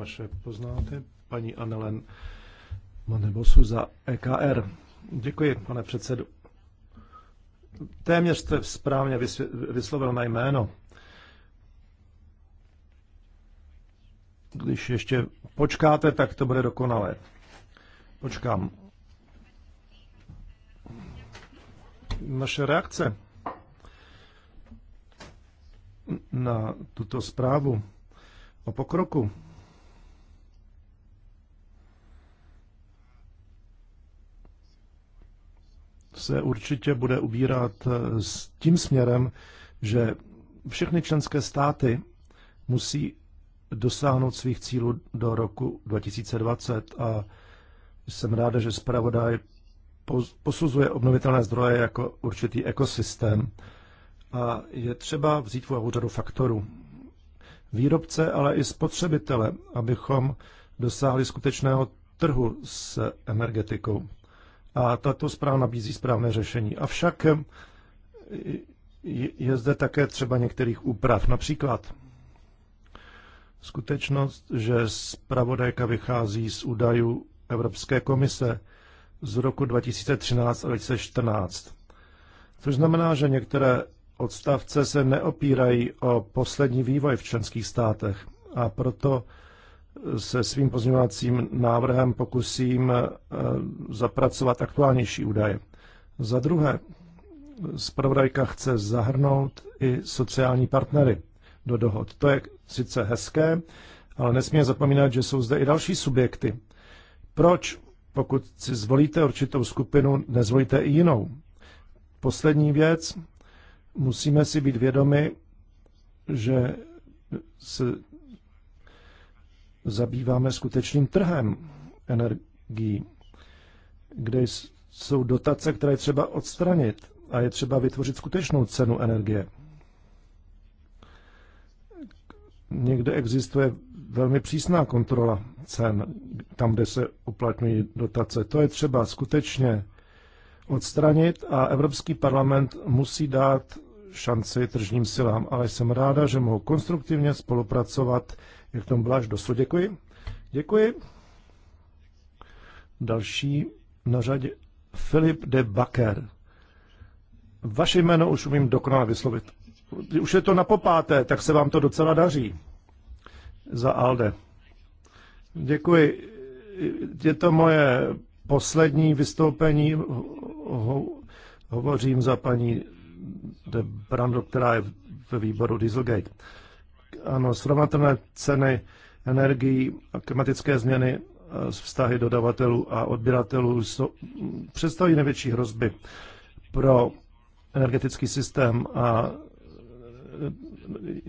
vaše poznáte. Paní Anelen Manebosu za EKR. Děkuji, pane předsedu. Téměř jste správně vyslovil na jméno. Když ještě počkáte, tak to bude dokonalé. Počkám. Naše reakce na tuto zprávu o pokroku se určitě bude ubírat eh, s tím směrem, že všechny členské státy musí dosáhnout svých cílů do roku 2020 a jsem ráda, že zpravodaj posuzuje obnovitelné zdroje jako určitý ekosystém a je třeba vzít v řadu faktorů. Výrobce, ale i spotřebitele, abychom dosáhli skutečného trhu s energetikou a tato zpráva nabízí správné řešení. Avšak eh, je zde také třeba některých úprav. Například skutečnost, že zpravodajka vychází z údajů Evropské komise z roku 2013 a 2014. Což znamená, že některé odstavce se neopírají o poslední vývoj v členských státech a proto se svým pozměňovacím návrhem pokusím eh, zapracovat aktuálnější údaje. Za druhé, zpravodajka chce zahrnout i sociální partnery do dohod. To je sice hezké, ale nesmí zapomínat, že jsou zde i další subjekty. Proč, pokud si zvolíte určitou skupinu, nezvolíte i jinou? Poslední věc, musíme si být vědomi, že se zabýváme skutečným trhem energií, kde jsou dotace, které třeba odstranit a je třeba vytvořit skutečnou cenu energie. Někde existuje velmi přísná kontrola cen, tam, kde se uplatňují dotace. To je třeba skutečně odstranit a Evropský parlament musí dát šanci tržním silám, ale jsem ráda, že mohu konstruktivně spolupracovat jak tom byla až dosud. Děkuji. Děkuji. Další na řadě Filip de Baker. Vaše jméno už umím dokonale vyslovit. Už je to na popáté, tak se vám to docela daří. Za Alde. Děkuji. Je to moje poslední vystoupení. Ho, hovořím za paní de Brando, která je ve výboru Dieselgate ano, srovnatelné ceny energií a klimatické změny e, vztahy dodavatelů a odběratelů jsou, představují největší hrozby pro energetický systém a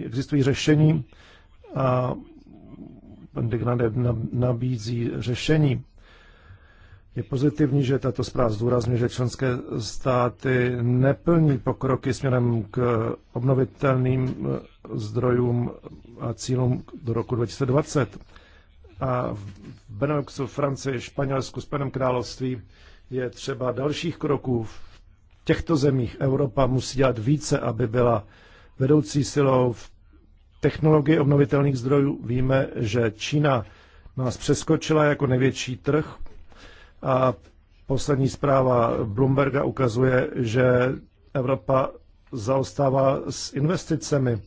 e, existují řešení a pan Dignade nabízí řešení. Je pozitivní, že tato zpráva zdůrazňuje, že členské státy neplní pokroky směrem k obnovitelným e, zdrojům a cílům do roku 2020. A v Beneluxu, Francii, Španělsku, Spojeném království je třeba dalších kroků. V těchto zemích Evropa musí dělat více, aby byla vedoucí silou v technologii obnovitelných zdrojů. Víme, že Čína nás přeskočila jako největší trh a poslední zpráva Bloomberga ukazuje, že Evropa zaostává s investicemi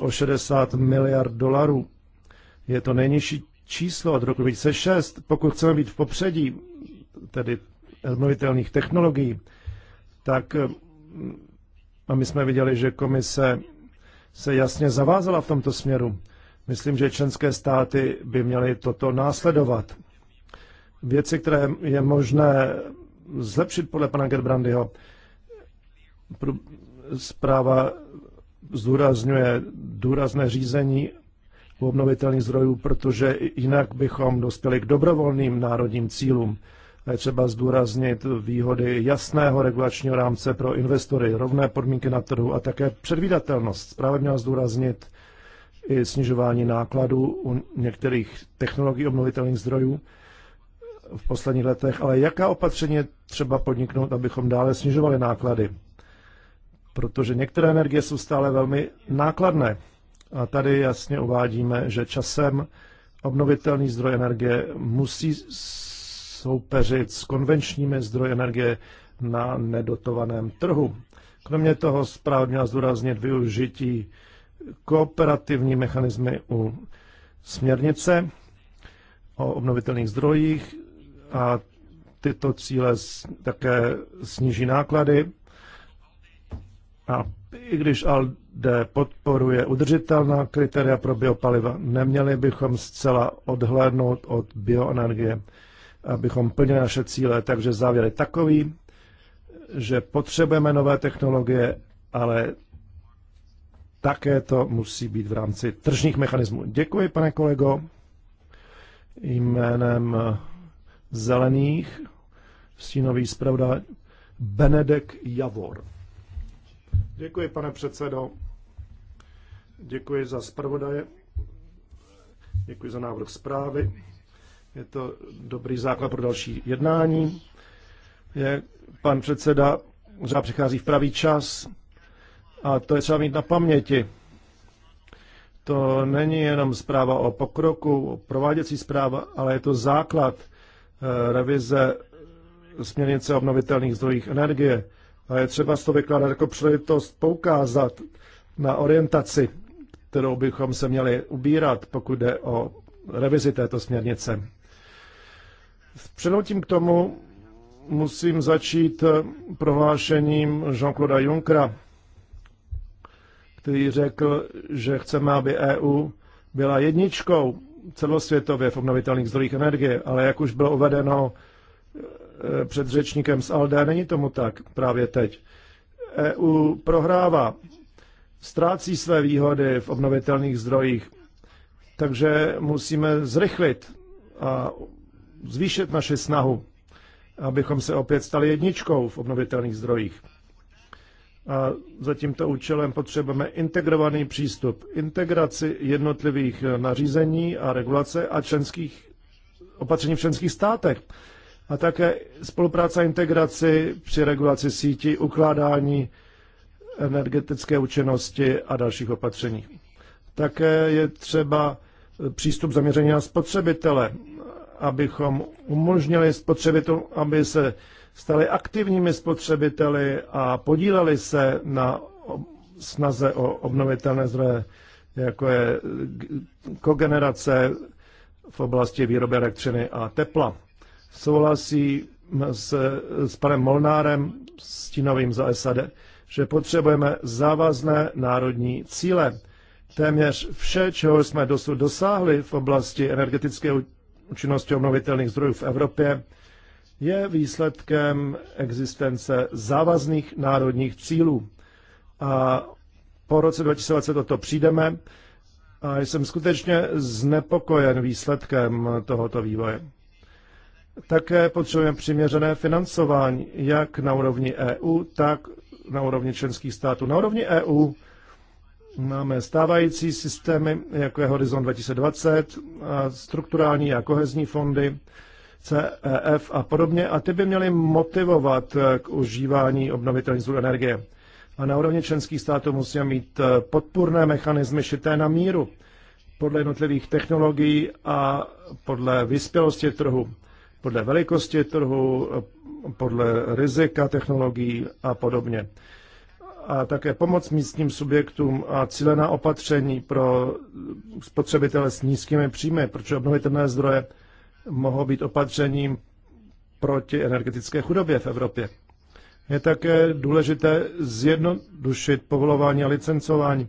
o 60 miliard dolarů. Je to nejnižší číslo od roku 2006. Pokud chceme být v popředí, tedy obnovitelných technologií, tak a my jsme viděli, že komise se jasně zavázala v tomto směru. Myslím, že členské státy by měly toto následovat. Věci, které je možné zlepšit podle pana Gerbrandyho, zpráva zdůrazňuje důrazné řízení u obnovitelných zdrojů, protože jinak bychom dospěli k dobrovolným národním cílům. A je třeba zdůraznit výhody jasného regulačního rámce pro investory, rovné podmínky na trhu a také předvídatelnost. Správně měla zdůraznit i snižování nákladů u některých technologií obnovitelných zdrojů v posledních letech, ale jaká opatření třeba podniknout, abychom dále snižovali náklady? protože některé energie jsou stále velmi nákladné. A tady jasně uvádíme, že časem obnovitelný zdroj energie musí soupeřit s konvenčními zdroji energie na nedotovaném trhu. Kromě toho zpráva měla zdůraznit využití kooperativní mechanismy u směrnice o obnovitelných zdrojích a tyto cíle také sníží náklady a i když ALDE podporuje udržitelná kritéria pro biopaliva, neměli bychom zcela odhlédnout od bioenergie, abychom plnili naše cíle. Takže závěr je takový, že potřebujeme nové technologie, ale také to musí být v rámci tržních mechanismů. Děkuji, pane kolego. Jménem zelených stínový zpravodaj Benedek Javor. Děkuji, pane předsedo. Děkuji za zpravodaje. Děkuji za návrh zprávy. Je to dobrý základ pro další jednání. Je, pan předseda možná přichází v pravý čas a to je třeba mít na paměti. To není jenom zpráva o pokroku, o prováděcí zpráva, ale je to základ eh, revize směrnice obnovitelných zdrojích energie a je třeba to vykládat jako příležitost poukázat na orientaci, kterou bychom se měli ubírat, pokud jde o revizi této směrnice. Předoutím k tomu musím začít prohlášením Jean-Claude Junckera, který řekl, že chceme, aby EU byla jedničkou celosvětově v obnovitelných zdrojích energie, ale jak už bylo uvedeno, Eh, před řečníkem z Alde. Není tomu tak právě teď. EU prohrává, ztrácí své výhody v obnovitelných zdrojích, takže musíme zrychlit a zvýšit naši snahu, abychom se opět stali jedničkou v obnovitelných zdrojích. A za tímto účelem potřebujeme integrovaný přístup, integraci jednotlivých nařízení a regulace a členských opatření v členských státech a také spolupráce a integraci při regulaci sítí, ukládání energetické účinnosti a dalších opatření. Také je třeba přístup zaměřený na spotřebitele, abychom umožnili spotřebitelům, aby se stali aktivními spotřebiteli a podíleli se na snaze o obnovitelné zdroje, jako je kogenerace v oblasti výroby elektřiny a tepla. Souhlasím s, s panem Molnárem, stínovým za SAD, že potřebujeme závazné národní cíle. Téměř vše, čeho jsme dosud dosáhli v oblasti energetické účinnosti obnovitelných zdrojů v Evropě, je výsledkem existence závazných národních cílů. A po roce 2020 o to přijdeme a jsem skutečně znepokojen výsledkem tohoto vývoje. Také potřebujeme přiměřené financování, jak na úrovni EU, tak na úrovni členských států. Na úrovni EU máme stávající systémy, jako je Horizon 2020, a strukturální a kohezní fondy, CEF a podobně, a ty by měly motivovat k užívání obnovitelných zdrojů energie. A na úrovni členských států musíme mít eh, podpůrné mechanismy šité na míru podle jednotlivých technologií a podle vyspělosti trhu podle velikosti trhu, podle rizika technologií a podobně. A také pomoc místním subjektům a cílená opatření pro spotřebitele s nízkými příjmy, protože obnovitelné zdroje mohou být opatřením proti energetické chudobě v Evropě. Je také důležité zjednodušit povolování a licencování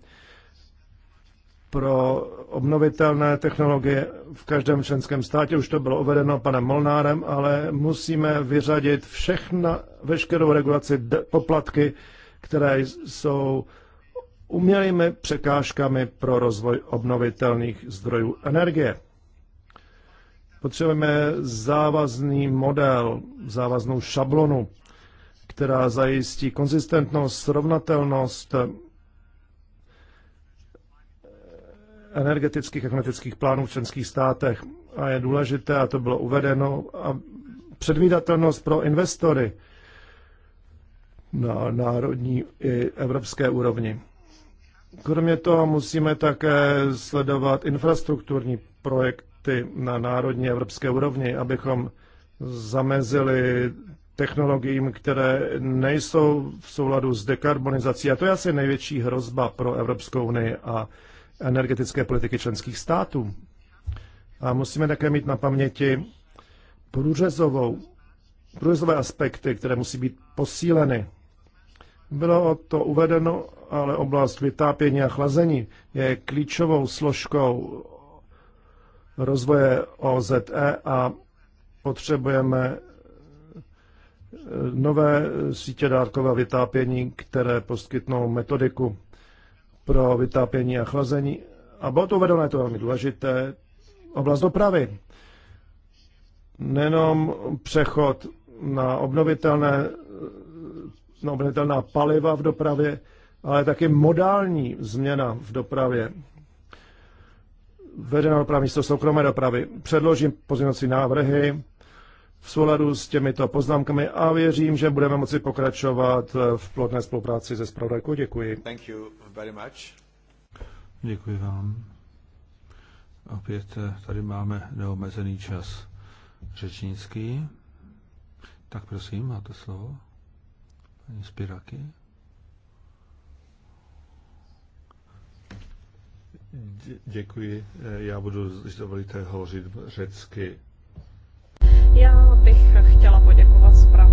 pro obnovitelné technologie v každém členském státě. Už to bylo uvedeno panem Molnárem, ale musíme vyřadit všechna, veškerou regulaci poplatky, které jsou umělými překážkami pro rozvoj obnovitelných zdrojů energie. Potřebujeme závazný model, závaznou šablonu, která zajistí konzistentnost, srovnatelnost energetických a klimatických plánů v členských státech. A je důležité, a to bylo uvedeno, a předvídatelnost pro investory na národní i evropské úrovni. Kromě toho musíme také sledovat infrastrukturní projekty na národní evropské úrovni, abychom zamezili technologiím, které nejsou v souladu s dekarbonizací. A to je asi největší hrozba pro Evropskou unii a energetické politiky členských států. A musíme také mít na paměti průřezovou, průřezové aspekty, které musí být posíleny. Bylo to uvedeno, ale oblast vytápění a chlazení je klíčovou složkou rozvoje OZE a potřebujeme eh, nové sítě dárkové vytápění, které poskytnou metodiku pro vytápění a chlazení. A bylo to uvedeno, je to velmi důležité, oblast dopravy. Nenom přechod na obnovitelné na obnovitelná paliva v dopravě, ale taky modální změna v dopravě. Vedená doprava místo soukromé dopravy. Předložím pozměňovací návrhy v souladu s těmito poznámkami a věřím, že budeme moci pokračovat v plodné spolupráci se Spravodajkou. Děkuji. Thank you very much. Děkuji vám. Opět eh, tady máme neomezený čas řečnický. Tak prosím, máte slovo. Paní Spiraky. Děkuji. Eh, já budu, když dovolíte, hovořit řecky. Já bych chtěla poděkovat zprávě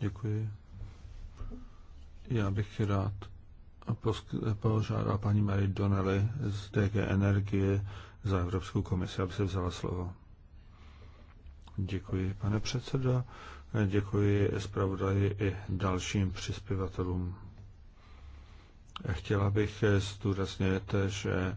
Děkuji. Já bych rád požádal paní Marie Donnelly z DG Energie za Evropskou komisi, aby se vzala slovo. Děkuji, pane předsedo. Děkuji zpravodaji i dalším přispěvatelům. Chtěla bych zdůraznit, že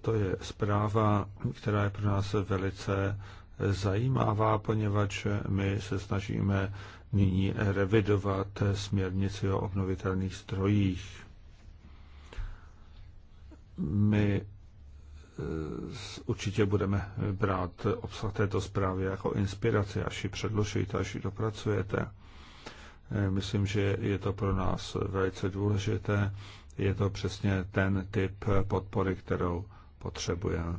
to je zpráva, která je pro nás velice zajímavá, poněvadž my se snažíme nyní revidovat směrnici o obnovitelných strojích. My e, určitě budeme brát obsah této zprávy jako inspiraci, až ji předložíte, až ji dopracujete. E, myslím, že je to pro nás velice důležité. Je to přesně ten typ podpory, kterou potřebujeme.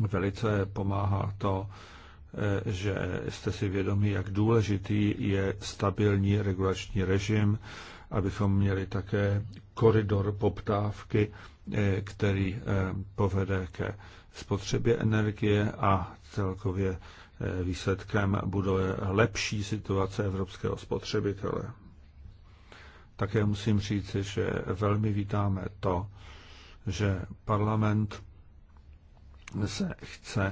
Velice pomáhá to, eh, že jste si vědomi, jak důležitý je stabilní regulační režim, abychom měli také koridor poptávky, eh, který eh, povede ke spotřebě energie a celkově výsledkem bude lepší situace evropského spotřebitele. Také musím říci, že velmi vítáme to, že parlament se chce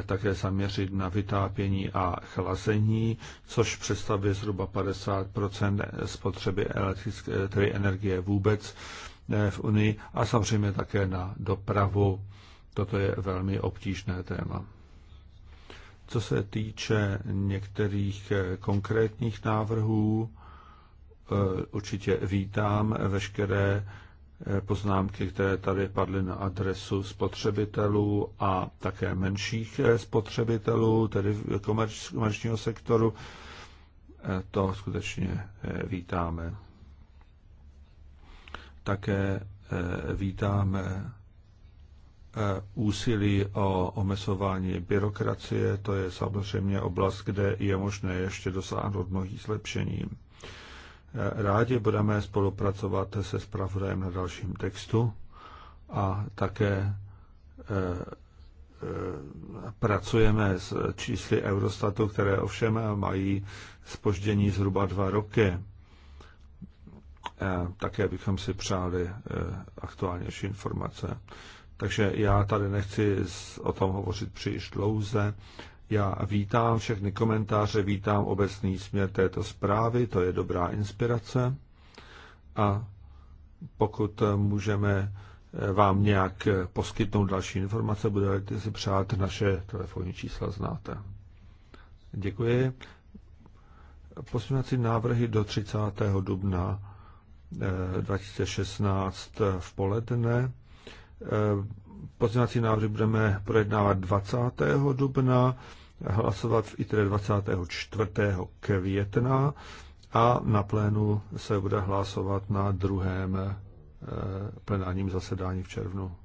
eh, také zaměřit na vytápění a chlazení, což představuje zhruba 50 spotřeby elektrické, tedy energie vůbec eh, v Unii a samozřejmě také na dopravu. Toto je velmi obtížné téma. Co se týče některých eh, konkrétních návrhů, určitě vítám veškeré Eh, poznámky, které tady padly na adresu spotřebitelů a také menších eh, spotřebitelů, tedy komerčního sektoru. Eh, to skutečně vítáme. Také vítáme úsilí o omezování byrokracie. To je samozřejmě oblast, kde je možné ještě dosáhnout mnohých zlepšení. Rádi budeme spolupracovat se zpravodajem na dalším textu a také e, e, pracujeme s čísly Eurostatu, které ovšem mají spoždění zhruba dva roky. E, také bychom si přáli aktuálnější informace. Takže já tady nechci o tom hovořit příliš dlouze. Já vítám všechny komentáře, vítám obecný směr této zprávy, to je dobrá inspirace. A pokud můžeme vám nějak poskytnout další informace, budete si přát, naše telefonní čísla znáte. Děkuji. Posunací návrhy do 30. dubna 2016 eh, v poledne. Eh, pozměňovací návrhy budeme projednávat 20. dubna, hlasovat v ITRE 24. května a na plénu se bude hlasovat na druhém eh, plenárním zasedání v červnu.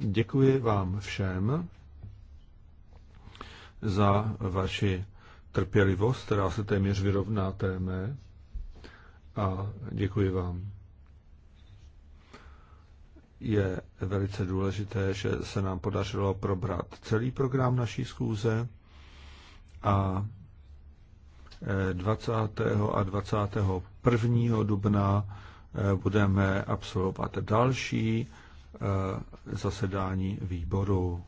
Děkuji vám všem za vaši trpělivost, která se téměř vyrovná téme a děkuji vám je velice důležité, že se nám podařilo probrat celý program naší schůze a 20. Eh, a 21. dubna eh, budeme absolvovat další eh, zasedání výboru.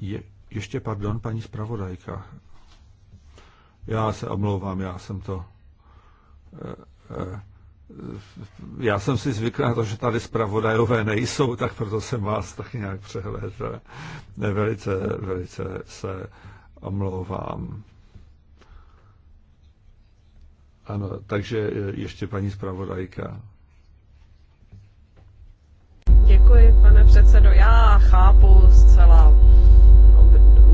Je, ještě pardon, paní zpravodajka. Já se omlouvám, já jsem to já jsem si zvykl na to, že tady zpravodajové nejsou, tak proto jsem vás tak nějak přehlédl. Velice, velice se omlouvám. Ano, takže ještě paní zpravodajka. Děkuji, pane předsedo. Já chápu zcela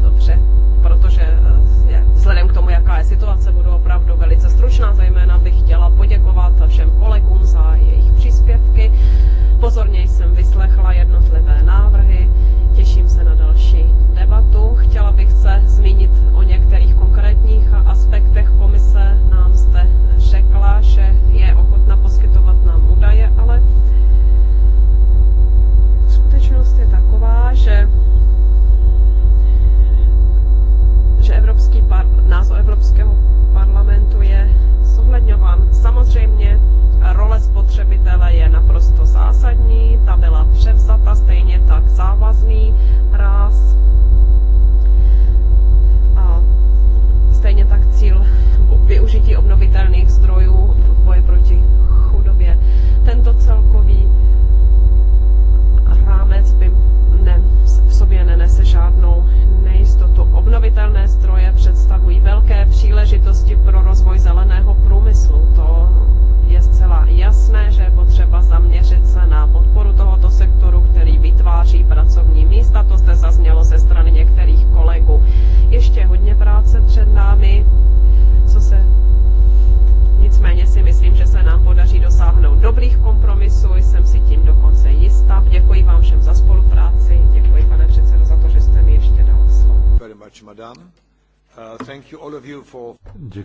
dobře, protože eh, vzhledem k tomu, jaká je situace, budu opravdu velice stručná. Zejména bych chtěla poděkovat Pozorněji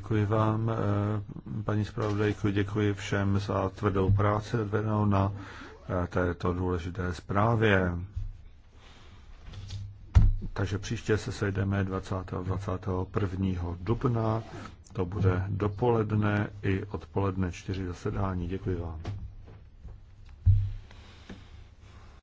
Děkuji vám, eh, paní zpravodajku, děkuji všem za tvrdou práci odvedenou na eh, této důležité zprávě. Takže příště se sejdeme 20. 21. dubna. To bude dopoledne i odpoledne čtyři zasedání. Děkuji vám.